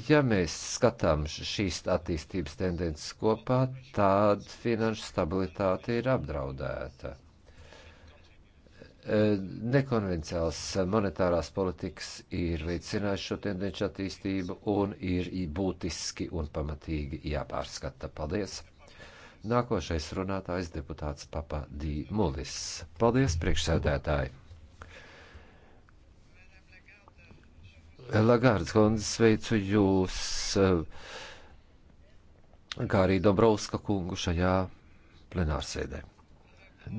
Ja mēs skatām šīs attīstības tendences kopā, tad finanšu stabilitāte ir apdraudēta. Eh, nekonvenciāls monetārās politikas ir veicinājuši šo tendenci attīstību un ir būtiski un pamatīgi jāpārskata. Paldies! Nākošais runātājs deputāts Papa D. Mulis. Paldies, priekšsēdētāji! Lagārds Gondes, sveicu jūs, eh, kā arī Dombrovska kungu šajā plenārsēdē.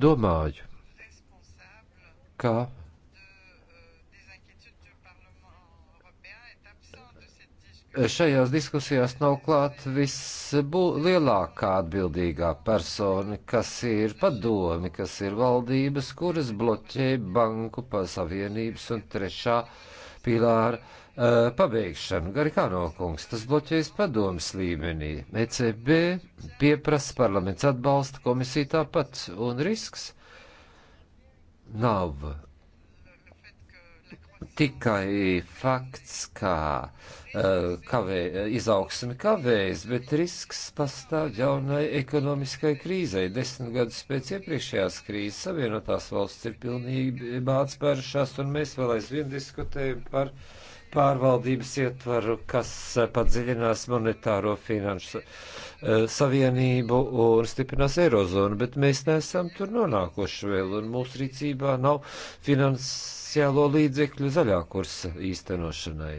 Domāju, ka šajās diskusijās nav klāt vislielākā atbildīgā persona, kas ir padomi, kas ir valdības, kuras bloķē banku savienības un trešā pilāra uh, pabeigšanu. Garikāno kungs, tas bloķējas padomas līmenī. ECB pieprasa parlaments atbalsta komisiju tāpat un risks nav tikai fakts, kā eh, kavē, izaugsme kavējas, bet risks pastāv jaunai ekonomiskai krīzei. Desmit gadus pēc iepriekšējās krīzes Savienotās valsts ir pilnībā atspērušās, un mēs vēl aizvien diskutējam par uh, pārvaldības ietvaru, kas eh, padziļinās monetāro finanšu eh, savienību un stiprinās eirozonu, bet mēs neesam tur nonākuši vēl, un mūsu rīcībā nav finansiālo līdzekļu zaļā kursa īstenošanai.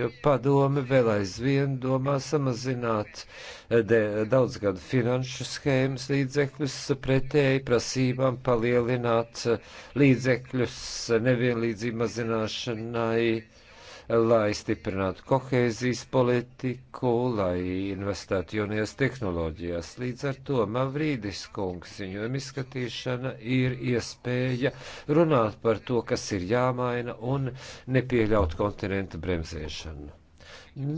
Jo padome vēl aizvien domā samazināt eh, daudzgadu finanšu schēmas līdzekļus, pretēji prasībām palielināt līdzekļus nevienlīdzību mazināšanai lai stiprinātu kohēzijas politiku, lai investētu jaunajās tehnoloģijās. Līdz ar to Mavrīdis kungs ziņojuma izskatīšana ir iespēja runāt par to, kas ir jāmaina un nepieļaut kontinenta bremzēšanu.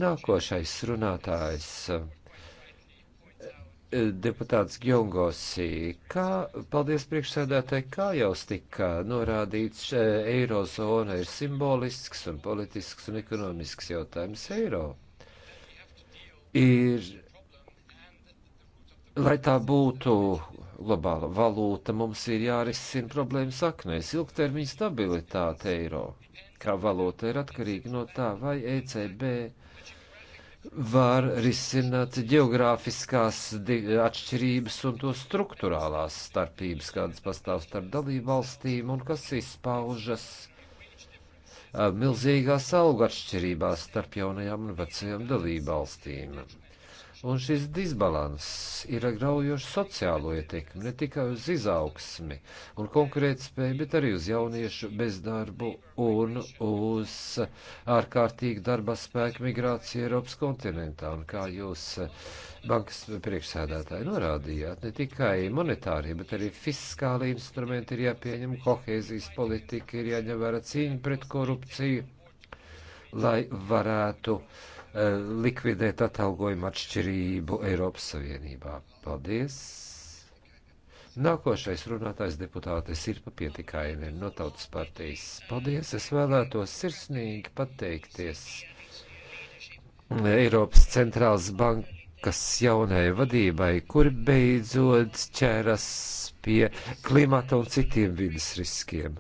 Nākošais runātājs deputāts Gjongosī, kā, paldies priekšsēdētāji, kā jau tika norādīts, eirozona ir simbolisks un politisks un ekonomisks jautājums eiro. Ir, lai tā būtu globāla valūta, mums ir jārisina problēma saknēs, ilgtermiņa stabilitāte eiro. Kā valūta ir atkarīga no tā, vai ECB var risināt geogrāfiskās atšķirības un to struktūrālās starpības, kādas pastāv starp dalību valstīm un kas izpaužas milzīgās algu atšķirībās starp jaunajām un vecajām dalību valstīm. Un šis disbalanss ir graujoši sociālo ietekmi, ne tikai uz izaugsmi un konkurētspēju, bet arī uz jauniešu bezdarbu un uz ārkārtīgu darba spēku migrāciju Eiropas kontinentā. Un kā jūs eh, bankas priekšsēdētāji norādījāt, ne tikai monetārie, bet arī fiskāli instrumenti ir jāpieņem, kohēzijas politika ir jāņem vērā cīņa pret korupciju, lai varētu uh, Eh, likvidēt atalgojuma atšķirību Eiropas Savienībā. Paldies! Nākošais runātājs deputātes ir papietikaini no tautas partijas. Paldies! Es vēlētos sirsnīgi pateikties Eiropas centrālas bankas jaunai vadībai, kur beidzot ķeras pie klimata un citiem vidas riskiem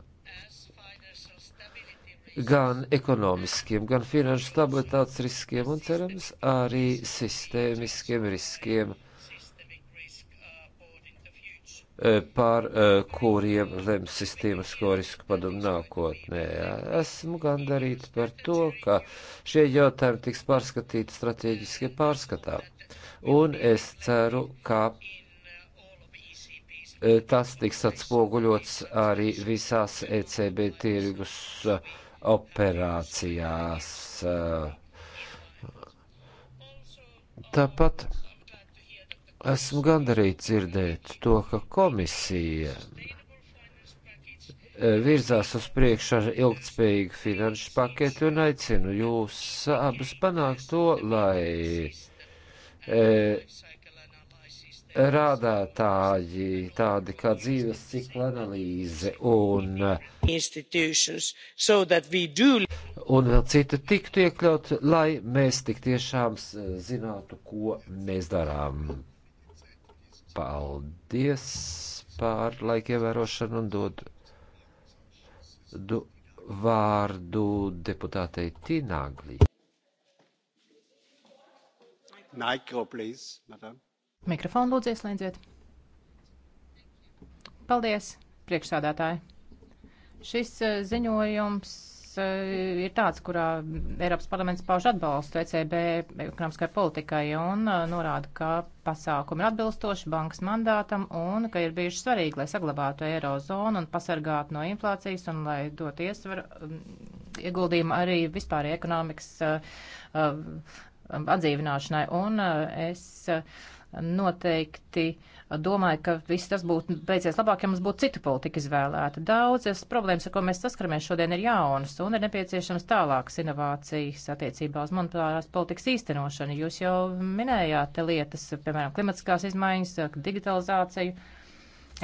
gan ekonomiskiem, gan finanšu stabilitātes riskiem un cerams arī sistēmiskiem riskiem, e, par e, kuriem lems sistēmisko risku padomu nākotnē. Esmu gandarīts par to, ka šie jautājumi tiks pārskatīti strateģiski pārskatā. Un es ceru, ka e, tas tiks atspoguļots arī visās ECB tirgus uh, operācijās. Eh, tāpat esmu gandarīts dzirdēt to, ka komisija eh, virzās uz priekšu ar ilgtspējīgu finanšu paketu un aicinu jūs abus panākt to, lai e, rādātāji, tādi kā dzīves cikla analīze un, so do... un vēl citu tiktu iekļaut, lai mēs tik tiešām zinātu, ko mēs darām. Paldies pār laika ievērošanu un dod du, vārdu deputātei Tināglī. Nigel, please, madam. Mikrofonu lūdzu ieslēdziet. Paldies, priekšsādātāji. Šis eh, ziņojums eh, ir tāds, kurā Eiropas parlaments pauž atbalstu ECB ekonomiskai politikai un eh, norāda, ka pasākumi ir atbilstoši bankas mandātam un ka ir bijuši svarīgi, lai saglabātu eirozonu un pasargātu no inflācijas un lai dot iesvaru mm, ieguldījumu arī vispārējai ekonomikas atdzīvināšanai. Un es noteikti domāju, ka viss tas būtu beidzies labāk, ja mums būtu cita politika izvēlēta. Daudzas problēmas, ar ko mēs saskaramies šodien, ir jaunas un ir nepieciešams tālākas inovācijas attiecībā uz monetārās politikas īstenošanu. Jūs jau minējāt lietas, piemēram, klimatiskās izmaiņas, digitalizāciju.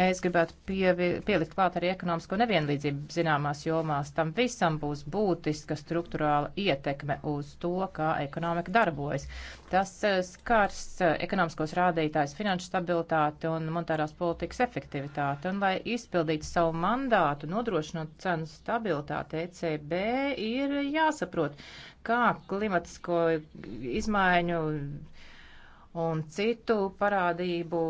Es gribētu pievi, pielikt klāt arī ekonomisko nevienlīdzību zināmās jomās. Tam visam būs būtiska struktūrāla ietekme uz to, kā ekonomika darbojas. Tas eh, skars eh, ekonomiskos rādītājus, finanšu stabilitāti un monetārās politikas efektivitāti. Un, lai izpildītu savu mandātu, nodrošinot cenu stabilitāti, ECB ir jāsaprot, kā klimatisko izmaiņu un citu parādību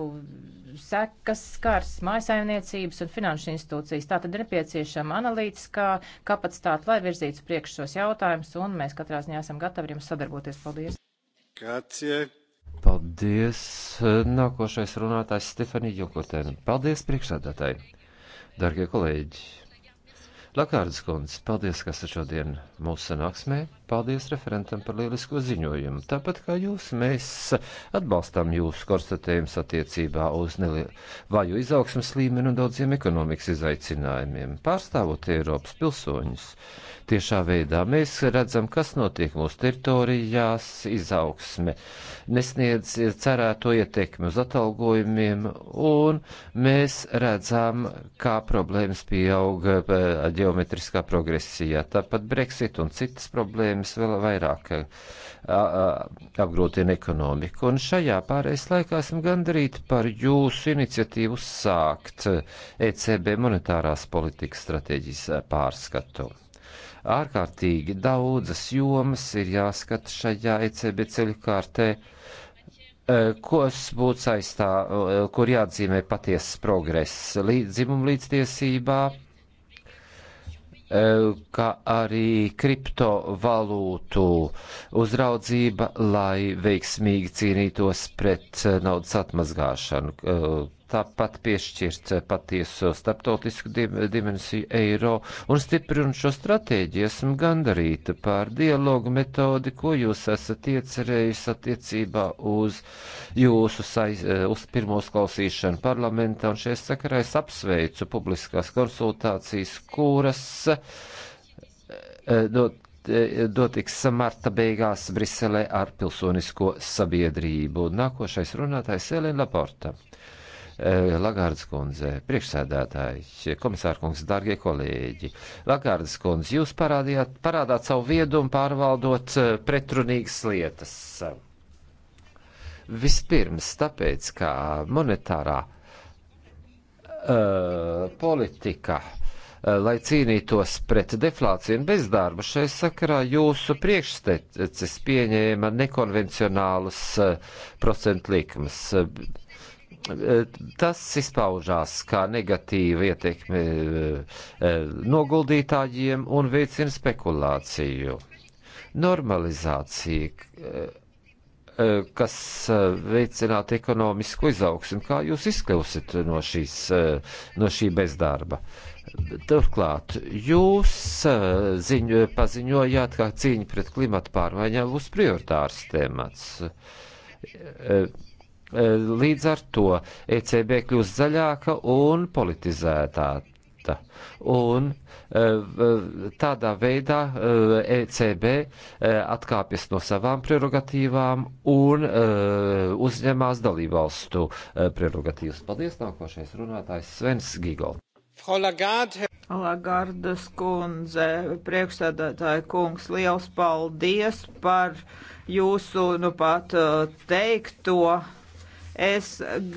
sekas skars mājasaimniecības un finanšu institūcijas. Tā tad ir nepieciešama analītiskā kapacitāte, lai virzītu priekš šos jautājumus, un mēs katrā ziņā esam gatavi ar jums sadarboties. Paldies! Grazie. Paldies! Nākošais runātājs Stefanija Jukotēna. Paldies priekšsādātāji! Dargie kolēģi! Lakārdas kundze, paldies, ka esat šodien mūsu sanāksmē. Paldies referentam par lielisko ziņojumu. Tāpat kā jūs, mēs atbalstām jūsu konstatējums attiecībā uz vaju izaugsmas līmeni un daudziem ekonomikas izaicinājumiem, pārstāvot Eiropas pilsoņus tiešā veidā. Mēs redzam, kas notiek mūsu teritorijās, izaugsme nesniedz cerēto ietekmi uz atalgojumiem, un mēs redzam, kā problēmas pieaug eh, ģeometriskā progresijā. Tāpat Brexit un citas problēmas vēl vairāk eh, apgrūtina ekonomiku. Un šajā pārējais laikā esam gandrīt par jūsu iniciatīvu sākt ECB eh, e monetārās politikas stratēģijas pārskatu ārkārtīgi daudzas jomas ir jāskata šajā ECB ceļu kārtē, e, kas būtu saistā, e, kur jāatzīmē patiesas progress līdz dzimumu līdztiesībā, e, kā arī kriptovalūtu uzraudzība, lai veiksmīgi cīnītos pret naudas atmazgāšanu tāpat piešķirt patieso starptautisku dim dimensiju eiro un stiprināt šo stratēģiju. Esmu gandarīta pār dialogu metodi, ko jūs esat iecerējusi attiecībā uz jūsu saiz, eh, uz pirmo klausīšanu parlamentā, un šajā sakarā es apsveicu publiskās konsultācijas, kuras no, eh, eh, dotiks marta beigās Briselē ar pilsonisko sabiedrību. Nākošais runātājs Elena Laporta. Eh, Lagardas kundze, priekšsēdētāji, komisārkungs, dārgie kolēģi. Lagardas kundze, jūs parādījāt, parādāt savu viedumu pārvaldot eh, pretrunīgas lietas. Vispirms tāpēc, ka monetārā uh, politika uh, lai cīnītos pret deflāciju un bezdarbu. Šai sakarā jūsu priekšstecis pieņēma nekonvencionālas procentu likmes. Tas izpaužās kā negatīva ietekme e, noguldītājiem un veicina spekulāciju. Normalizācija, e, kas e, veicinātu ekonomisku izaugsmu, kā jūs izkļūsiet no, šīs, no šī bezdarba? Turklāt jūs ziņu, paziņojāt, ka cīņa pret klimatu pārmaiņām būs prioritārs temats E, līdz ar to ECB kļūst zaļāka un politizētāka. Un e, tādā veidā ECB e atkāpjas no savām prerogatīvām un uzņemās dalībvalstu prerogatīvas. Paldies, nākošais runātājs Svens Gigold. Lagardas kundze, priekšstādātāja kungs, liels paldies par jūsu, nu pat teikto Es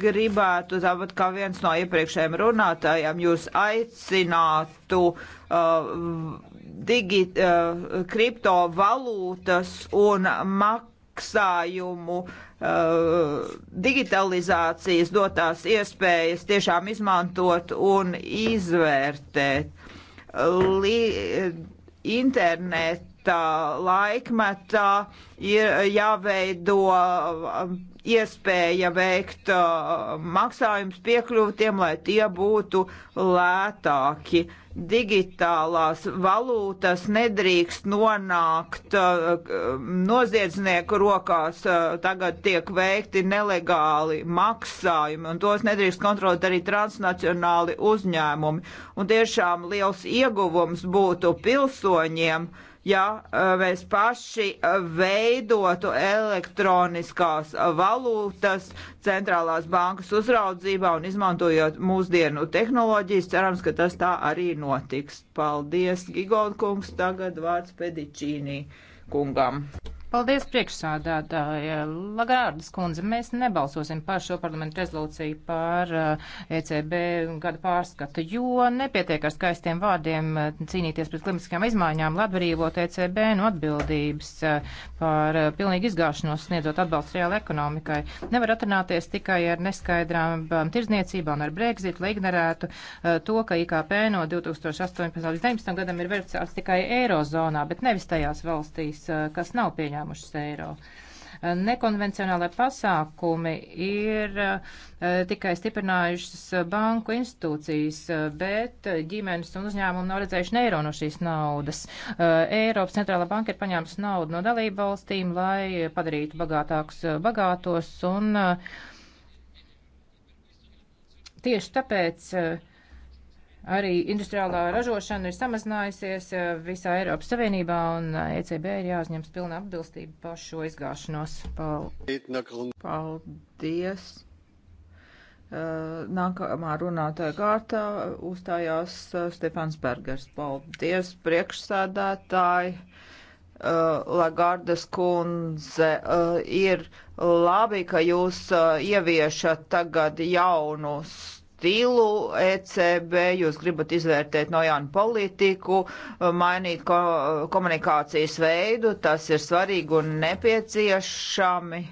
gribētu, tāpat kā viens no iepriekšējiem runātājiem, jūs aicinātu uh, digi, uh, kriptovalūtas un maksājumu uh, digitalizācijas dotās iespējas tiešām izmantot un izvērtēt. Li, internetā laikmetā ir jāveido um, iespēja veikt uh, maksājums piekļuvtiem, lai tie būtu lētāki. Digitālās valūtas nedrīkst nonākt uh, noziedznieku rokās, uh, tagad tiek veikti nelegāli maksājumi, un tos nedrīkst kontrolēt arī transnacionāli uzņēmumi. Un tiešām liels ieguvums būtu pilsoņiem, uh, ja eh, mēs paši eh, veidotu elektroniskās valūtas centrālās bankas uzraudzībā un izmantojot mūsdienu tehnoloģijas. Cerams, ka tas tā arī notiks. Paldies, Gigold kungs. Tagad vārds Pedičīnī kungam. Paldies priekšsādātāja. Lagrārdas kundze, mēs nebalsosim par šo parlamentu rezolūciju par ECB eh, e gada pārskatu, jo nepietiek ar skaistiem vārdiem eh, cīnīties pret klimatiskajām izmaiņām, lai atbrīvot ECB no nu, atbildības eh, par pilnīgi izgāšanos sniedzot atbalstu reāli ekonomikai. Nevar atrunāties tikai ar neskaidrām tirzniecībām, ar Brexit, lai ignorētu to, ka IKP no 2018. līdz 2019. gadam ir vērtsāts tikai Eirozonā, bet nevis tajās valstīs, kas nav pieņemts saņēmušas eiro. Nekonvencionālai pasākumi ir eh, tikai stiprinājušas banku institūcijas, eh, bet ģimenes un uzņēmumi nav redzējuši eiro no šīs naudas. Eh, Eiropas centrālā banka ir paņēmusi naudu no dalību valstīm, lai padarītu bagātākus bagātos un Tieši tāpēc uh, Arī industriālā ražošana ir samazinājusies eh, visā Eiropas Savienībā, un ECB eh, e ir jāuzņems pilna atbilstība par šo izgāšanos. Paldies! Paldies. Eh, nākamā runātāja kārtā uzstājās Stefans Bergers. Paldies, priekšsādātāji! Uh, Lagardas kundze, uh, ir labi, ka jūs uh, ieviešat tagad jaunus stilu ECB, jūs gribat izvērtēt no jaunu politiku, mainīt ko, komunikācijas veidu, tas ir svarīgi un nepieciešami,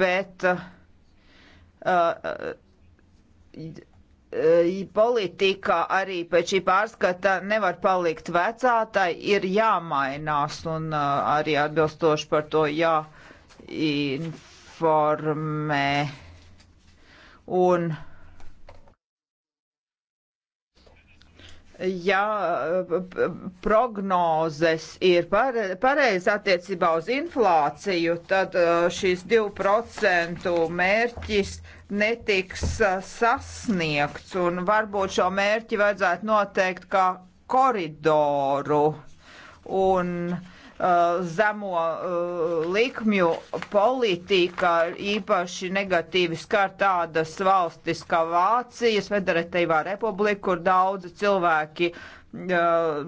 bet uh, uh, politika arī pēc šī pārskata nevar palikt vecā, tai ir jāmainās un uh, arī atbilstoši par to jāinformē. Un ja eh, prognozes ir pareizi attiecībā uz inflāciju, tad eh, šīs 2% mērķis netiks eh, sasniegts, un varbūt šo mērķi vajadzētu noteikt kā koridoru. Un uh, Uh, zemo uh, likmju politika īpaši negatīvi skar tādas valstis kā Vācijas Federatīvā republika, kur daudzi cilvēki uh,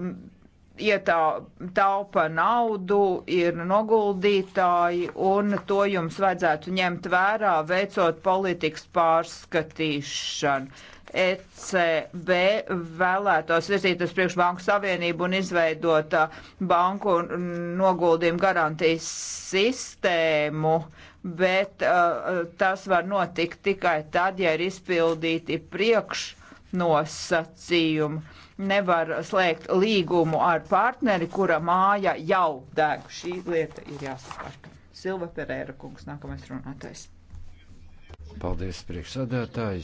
ietaupa naudu, ir noguldītāji, un to jums vajadzētu ņemt vērā, veicot politikas pārskatīšanu ECB vēlētos virzīt uz priekšu Banku Savienību un izveidot uh, banku noguldījumu garantijas sistēmu, bet uh, tas var notikt tikai tad, ja ir izpildīti priekšnosacījumi. Nevar slēgt līgumu ar partneri, kura māja jau deg. Šī lieta ir jāsakārto. Silva Pereira kungs, nākamais runātais. Paldies, priekšsādātāji!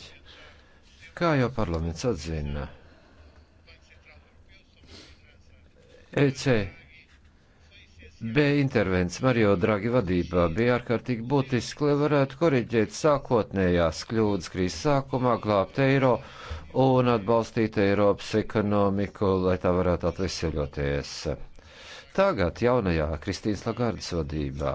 Kā jau parlaments atzina, ECB intervents Mario Dragi vadībā bija ārkārtīgi būtiski, lai varētu koriģēt sākotnējās kļūdas krīzes sākumā, glābt eiro un atbalstīt Eiropas ekonomiku, lai tā varētu atveseļoties. Tagad jaunajā Kristīnas Lagardas vadībā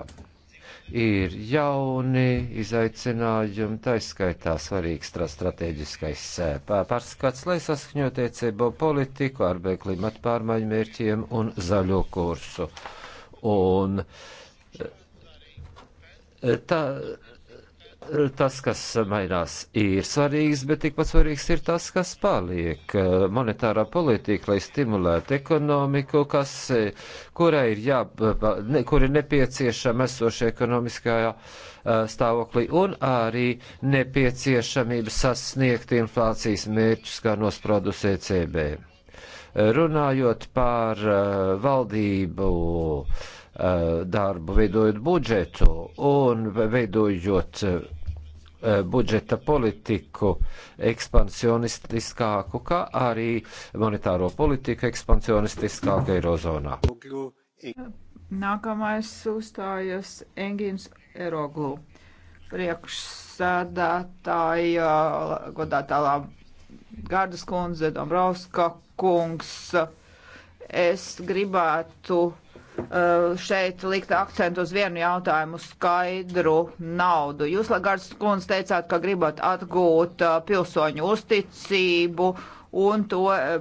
ir jauni izaicinājumi, taiskaitā svarīgs strateģiskais pārskats, lai saskaņot ECB politiku ar klimatu pārmaiņu mērķiem un zaļo kursu. Un tā, tas, kas mainās, ir svarīgs, bet tikpat svarīgs ir tas, kas paliek. Monetārā politika, lai stimulētu ekonomiku, kas, kurai ir jā, ne, kur ir nepieciešama esošajā ekonomiskajā stāvoklī un arī nepieciešamība sasniegt inflācijas mērķus, kā nospraudus ECB. Runājot par valdību, uh, Eh, darbu, veidojot budžetu un veidojot eh, budžeta politiku ekspansionistiskāku, kā arī monetāro politiku ekspansionistiskāku Eirozonā. Nākamais uzstājas Engins Eroglu, priekšsēdētāja, godātā Gārdas kundze, Dombrovska kungs. Es gribētu Eh, šeit likt akcentu uz vienu jautājumu - skaidru naudu. Jūs, Lagards kundze, teicāt, ka gribat atgūt eh, pilsoņu uzticību. Un to eh,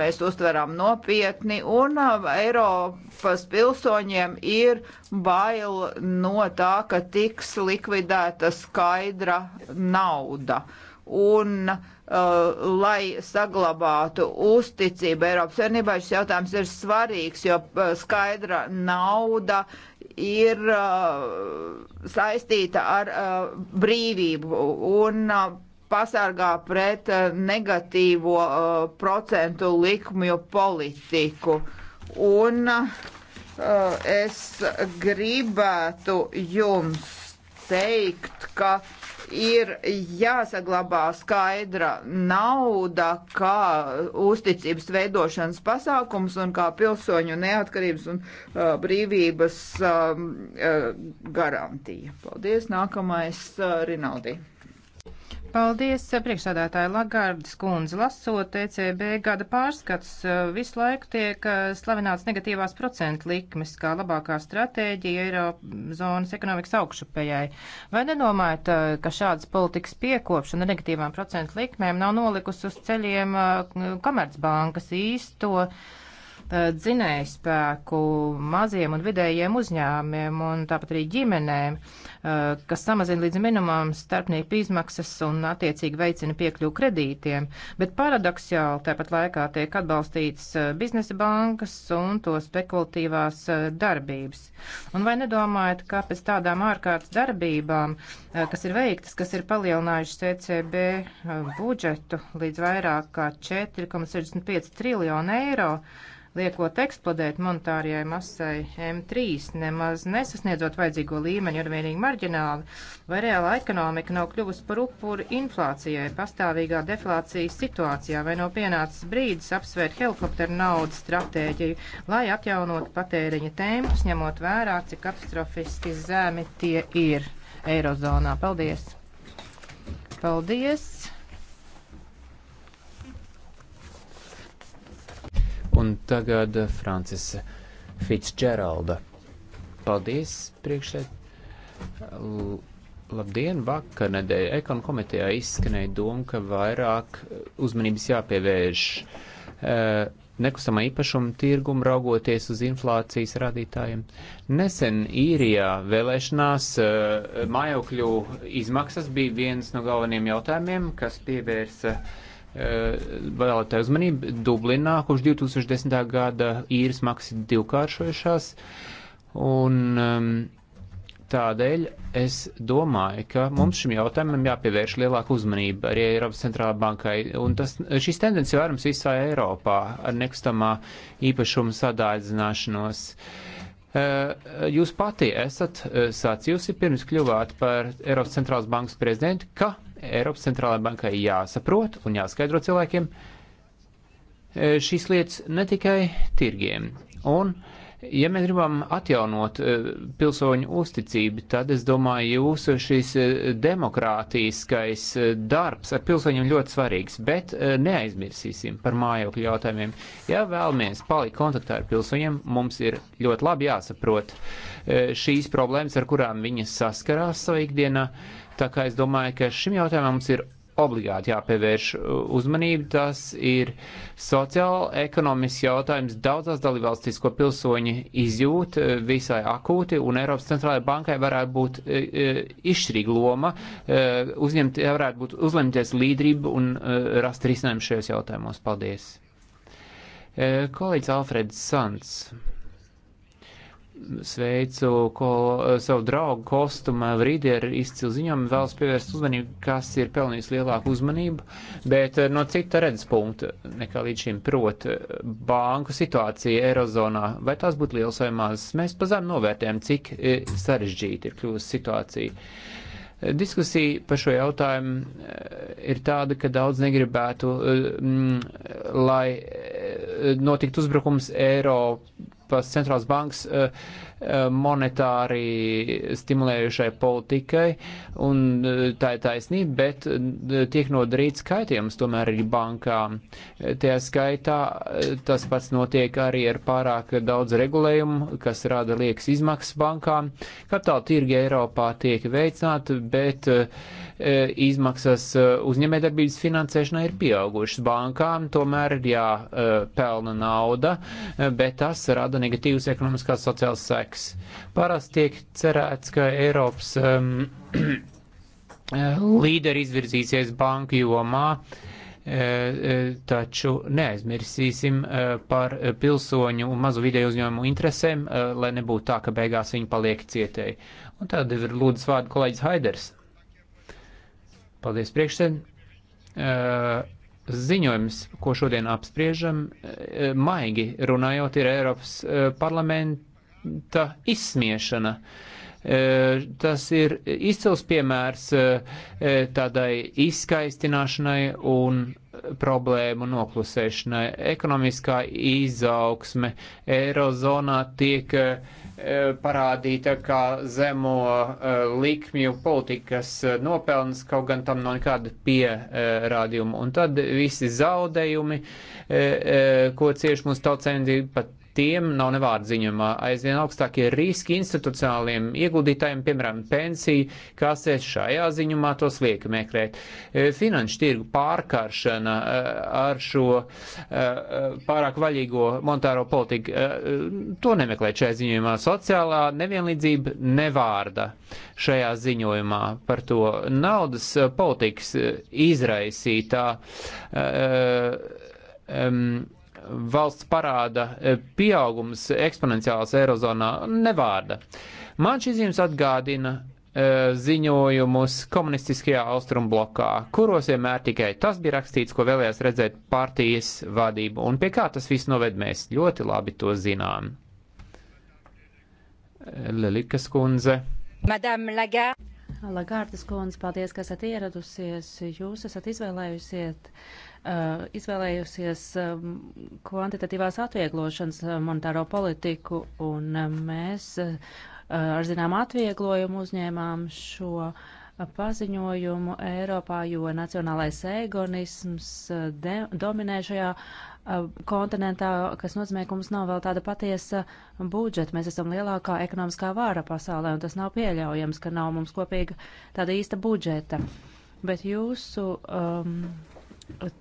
mēs uztveram nopietni, un Eiropas pilsoņiem ir bail no tā, ka tiks likvidēta skaidra nauda. Un uh, Uh, lai saglabātu uzticību Eiropas Savienībai. Šis jautājums ir svarīgs, jo uh, skaidra nauda ir uh, saistīta ar brīvību un pasargā pret negatīvo procentu likmju politiku. Un es gribētu jums teikt, ka ir jāsaglabā skaidra nauda kā uzticības veidošanas pasākums un kā pilsoņu neatkarības un uh, brīvības um, uh, garantija. Paldies, nākamais uh, Rinaldī. Paldies, priekšsādātāja Lagardas kundze. Lasot ECB gada pārskats, visu laiku tiek eh, slavināts negatīvās procentu likmes kā labākā stratēģija Eirozonas ekonomikas augšupējai. Vai nedomājat, eh, ka šādas politikas piekopšana negatīvām procentu likmēm nav nolikusi uz ceļiem eh, komercbankas īsto? dzinēju spēku maziem un vidējiem uzņēmiem un tāpat arī ģimenēm, kas samazina līdz minimumam starpnieku izmaksas un attiecīgi veicina piekļuvu kredītiem. Bet paradoxāli tāpat laikā tiek atbalstītas biznesa bankas un to spekulatīvās darbības. Un vai nedomājat, ka pēc tādām ārkārtas darbībām, kas ir veiktas, kas ir palielinājušas ECB budžetu līdz vairāk kā 4,65 triljonu eiro, liekot eksplodēt monetārajai masai M3, nemaz nesasniedzot vajadzīgo līmeni un vienīgi marģināli, vai reālā ekonomika nav kļuvusi par upuri inflācijai, pastāvīgā deflācijas situācijā, vai nav pienācis brīdis apsvērt helikopteru naudas stratēģiju, lai atjaunotu patēriņa tempus, ņemot vērā, cik katastrofiski zemi tie ir Eirozonā. Paldies! Paldies! un tagad eh, Francis Fitzgeralda. Paldies, priekšēd. Labdien, vakar nedēļa ekon komitejā izskanēja doma, ka vairāk uzmanības jāpievērš eh, nekustamā īpašuma tirgumu raugoties uz inflācijas rādītājiem. Nesen īrijā vēlēšanās eh, mājokļu izmaksas bija viens no galvenajiem jautājumiem, kas pievērsa uh, Eh, vēlētāju uzmanību. Dublinā kopš 2010. gada īres maksas ir divkāršojušās, un um, tādēļ es domāju, ka mums šim jautājumam jāpievērš lielāka uzmanība arī Eiropas centrālā bankai, un tas, šis tendence vērums visā Eiropā ar nekustamā īpašuma sadādzināšanos. Uh, eh, Jūs pati esat eh, sacījusi pirms kļuvāt par Eiropas centrālās bankas prezidentu, ka Eiropas centrālajai bankai jāsaprot un jāskaidro cilvēkiem e, šīs lietas ne tikai tirgiem. Un, ja mēs gribam atjaunot e, pilsoņu uzticību, tad es domāju, jūsu šis e, demokrātīskais darbs ar pilsoņiem ļoti svarīgs, bet neaizmirsīsim par mājokļu jautājumiem. Ja vēlamies palikt kontaktā ar pilsoņiem, mums ir ļoti labi jāsaprot šīs problēmas, ar kurām viņas saskarās savā ikdienā. So Tā kā es domāju, ka šim jautājumam mums ir obligāti jāpievērš uh, uzmanība. Tas ir sociāli ekonomisks jautājums. Daudzās dalībvalstīs, ko pilsoņi izjūt uh, visai akūti, un Eiropas centrālajai bankai varētu būt uh, izšķirīga loma, uzņemt, varētu būt uzlemties līdrību un rast risinājumu šajos jautājumos. Paldies! Kolēģis Alfreds Sants sveicu ko, eh, savu draugu kostumā Vrīdi ar izcilu ziņām, vēlas pievērst uzmanību, kas ir pelnījis lielāku uzmanību, bet eh, no cita redzes punkta nekā līdz šim prot eh, banku situācija Eirozonā, vai tās būtu liels vai mazs, mēs pazem novērtējam, cik sarežģīta ir kļūst situācija. Diskusija par šo jautājumu ir tāda, ka daudz negribētu, lai notiktu uzbrukums Eiropai Eiropas centrālās bankas eh, eh, monetāri stimulējušai politikai, un eh, tā ir taisnība, bet tiek nodarīts kaitījums tomēr arī bankām. Tajā skaitā tas pats notiek arī ar pārāk daudz regulējumu, kas rada liekas izmaksas bankām. Kapitāla tirgi Eiropā tiek veicināti, bet izmaksas uzņēmējdarbības finansēšanai ir pieaugušas. Bankām tomēr ir jāpelna nauda, bet tas rada rada negatīvas ekonomiskās sociālas sekas. Parasti tiek cerēts, ka Eiropas um, [clears throat] līderi izvirzīsies banku jomā, eh, eh, taču neaizmirsīsim eh, par pilsoņu un mazu vidēju uzņēmumu interesēm, lai nebūtu tā, ka beigās viņi paliek cietēji. Un tad ir lūdzu vārdu kolēģis Haiders. Paldies priekšsēdētājiem Ziņojums, ko šodien apspriežam, eh, maigi runājot, ir Eiropas eh, parlamenta izsmiešana. Eh, tas ir izcils piemērs tādai izskaistināšanai un problēmu noklusēšanai. Ekonomiskā izaugsme Eirozonā tiek eh, parādīta kā zemo eh, likmju politikas eh, nopelns, kaut gan tam nav nekāda pierādījuma. Un tad visi zaudējumi, ko cieš mūsu tautsēmniecība, pat tiem nav nevārda ziņojumā. Aizvien augstākie riski institucionāliem ieguldītājiem, piemēram, pensiju, kas es šajā ziņumā tos liek meklēt. E, finanšu tirgu pārkaršana e, ar šo e, pārāk vaļīgo monetāro politiku, to nemeklēt šajā ziņojumā. Sociālā nevienlīdzība nevārda šajā ziņojumā par to naudas politikas izraisītā. Um, valsts parāda e, pieaugums eksponenciāls Eirozonā nevārda. Man šis zīmes atgādina e, ziņojumus komunistiskajā austrumblokā, kuros vienmēr tikai tas bija rakstīts, ko vēlējās redzēt partijas vadību, un pie kā tas viss noved mēs ļoti labi to zinām. Lelikas kundze. Madame Lagarde. Lagardes kundze, paldies, ka esat ieradusies. Jūs esat izvēlējusies Uh, izvēlējusies um, kvantitatīvās atvieglošanas uh, monetāro politiku, un uh, mēs ar zinām atvieglojumu uzņēmām šo paziņojumu Eiropā, jo nacionālais egoisms dominē šajā kontinentā, kas nozīmē, ka mums nav vēl tāda patiesa budžeta. Mēs esam lielākā ekonomiskā vāra pasaulē, un tas nav pieļaujams, ka nav mums kopīga tāda īsta budžeta. Bet jūsu um,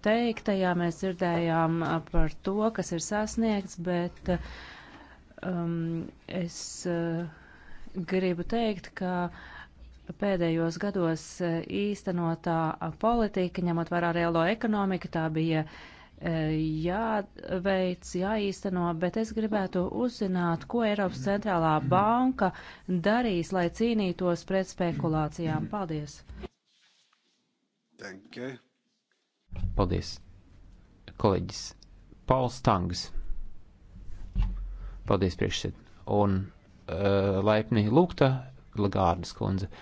teiktajā mēs dzirdējām uh, par to, kas ir sasniegts, bet uh, um, es uh, gribu teikt, ka pēdējos gados uh, īstenotā politika, ņemot vērā reālo ekonomiku, tā bija jāveic, jāīsteno, bet es gribētu uzzināt, ko Eiropas centrālā banka darīs, lai cīnītos pret spekulācijām. Paldies! Thank you. Paldies. Kolēģis Pauls Tangs. Paldies priekšsēd. Un uh, laipni lūgta Lagārdas kundze.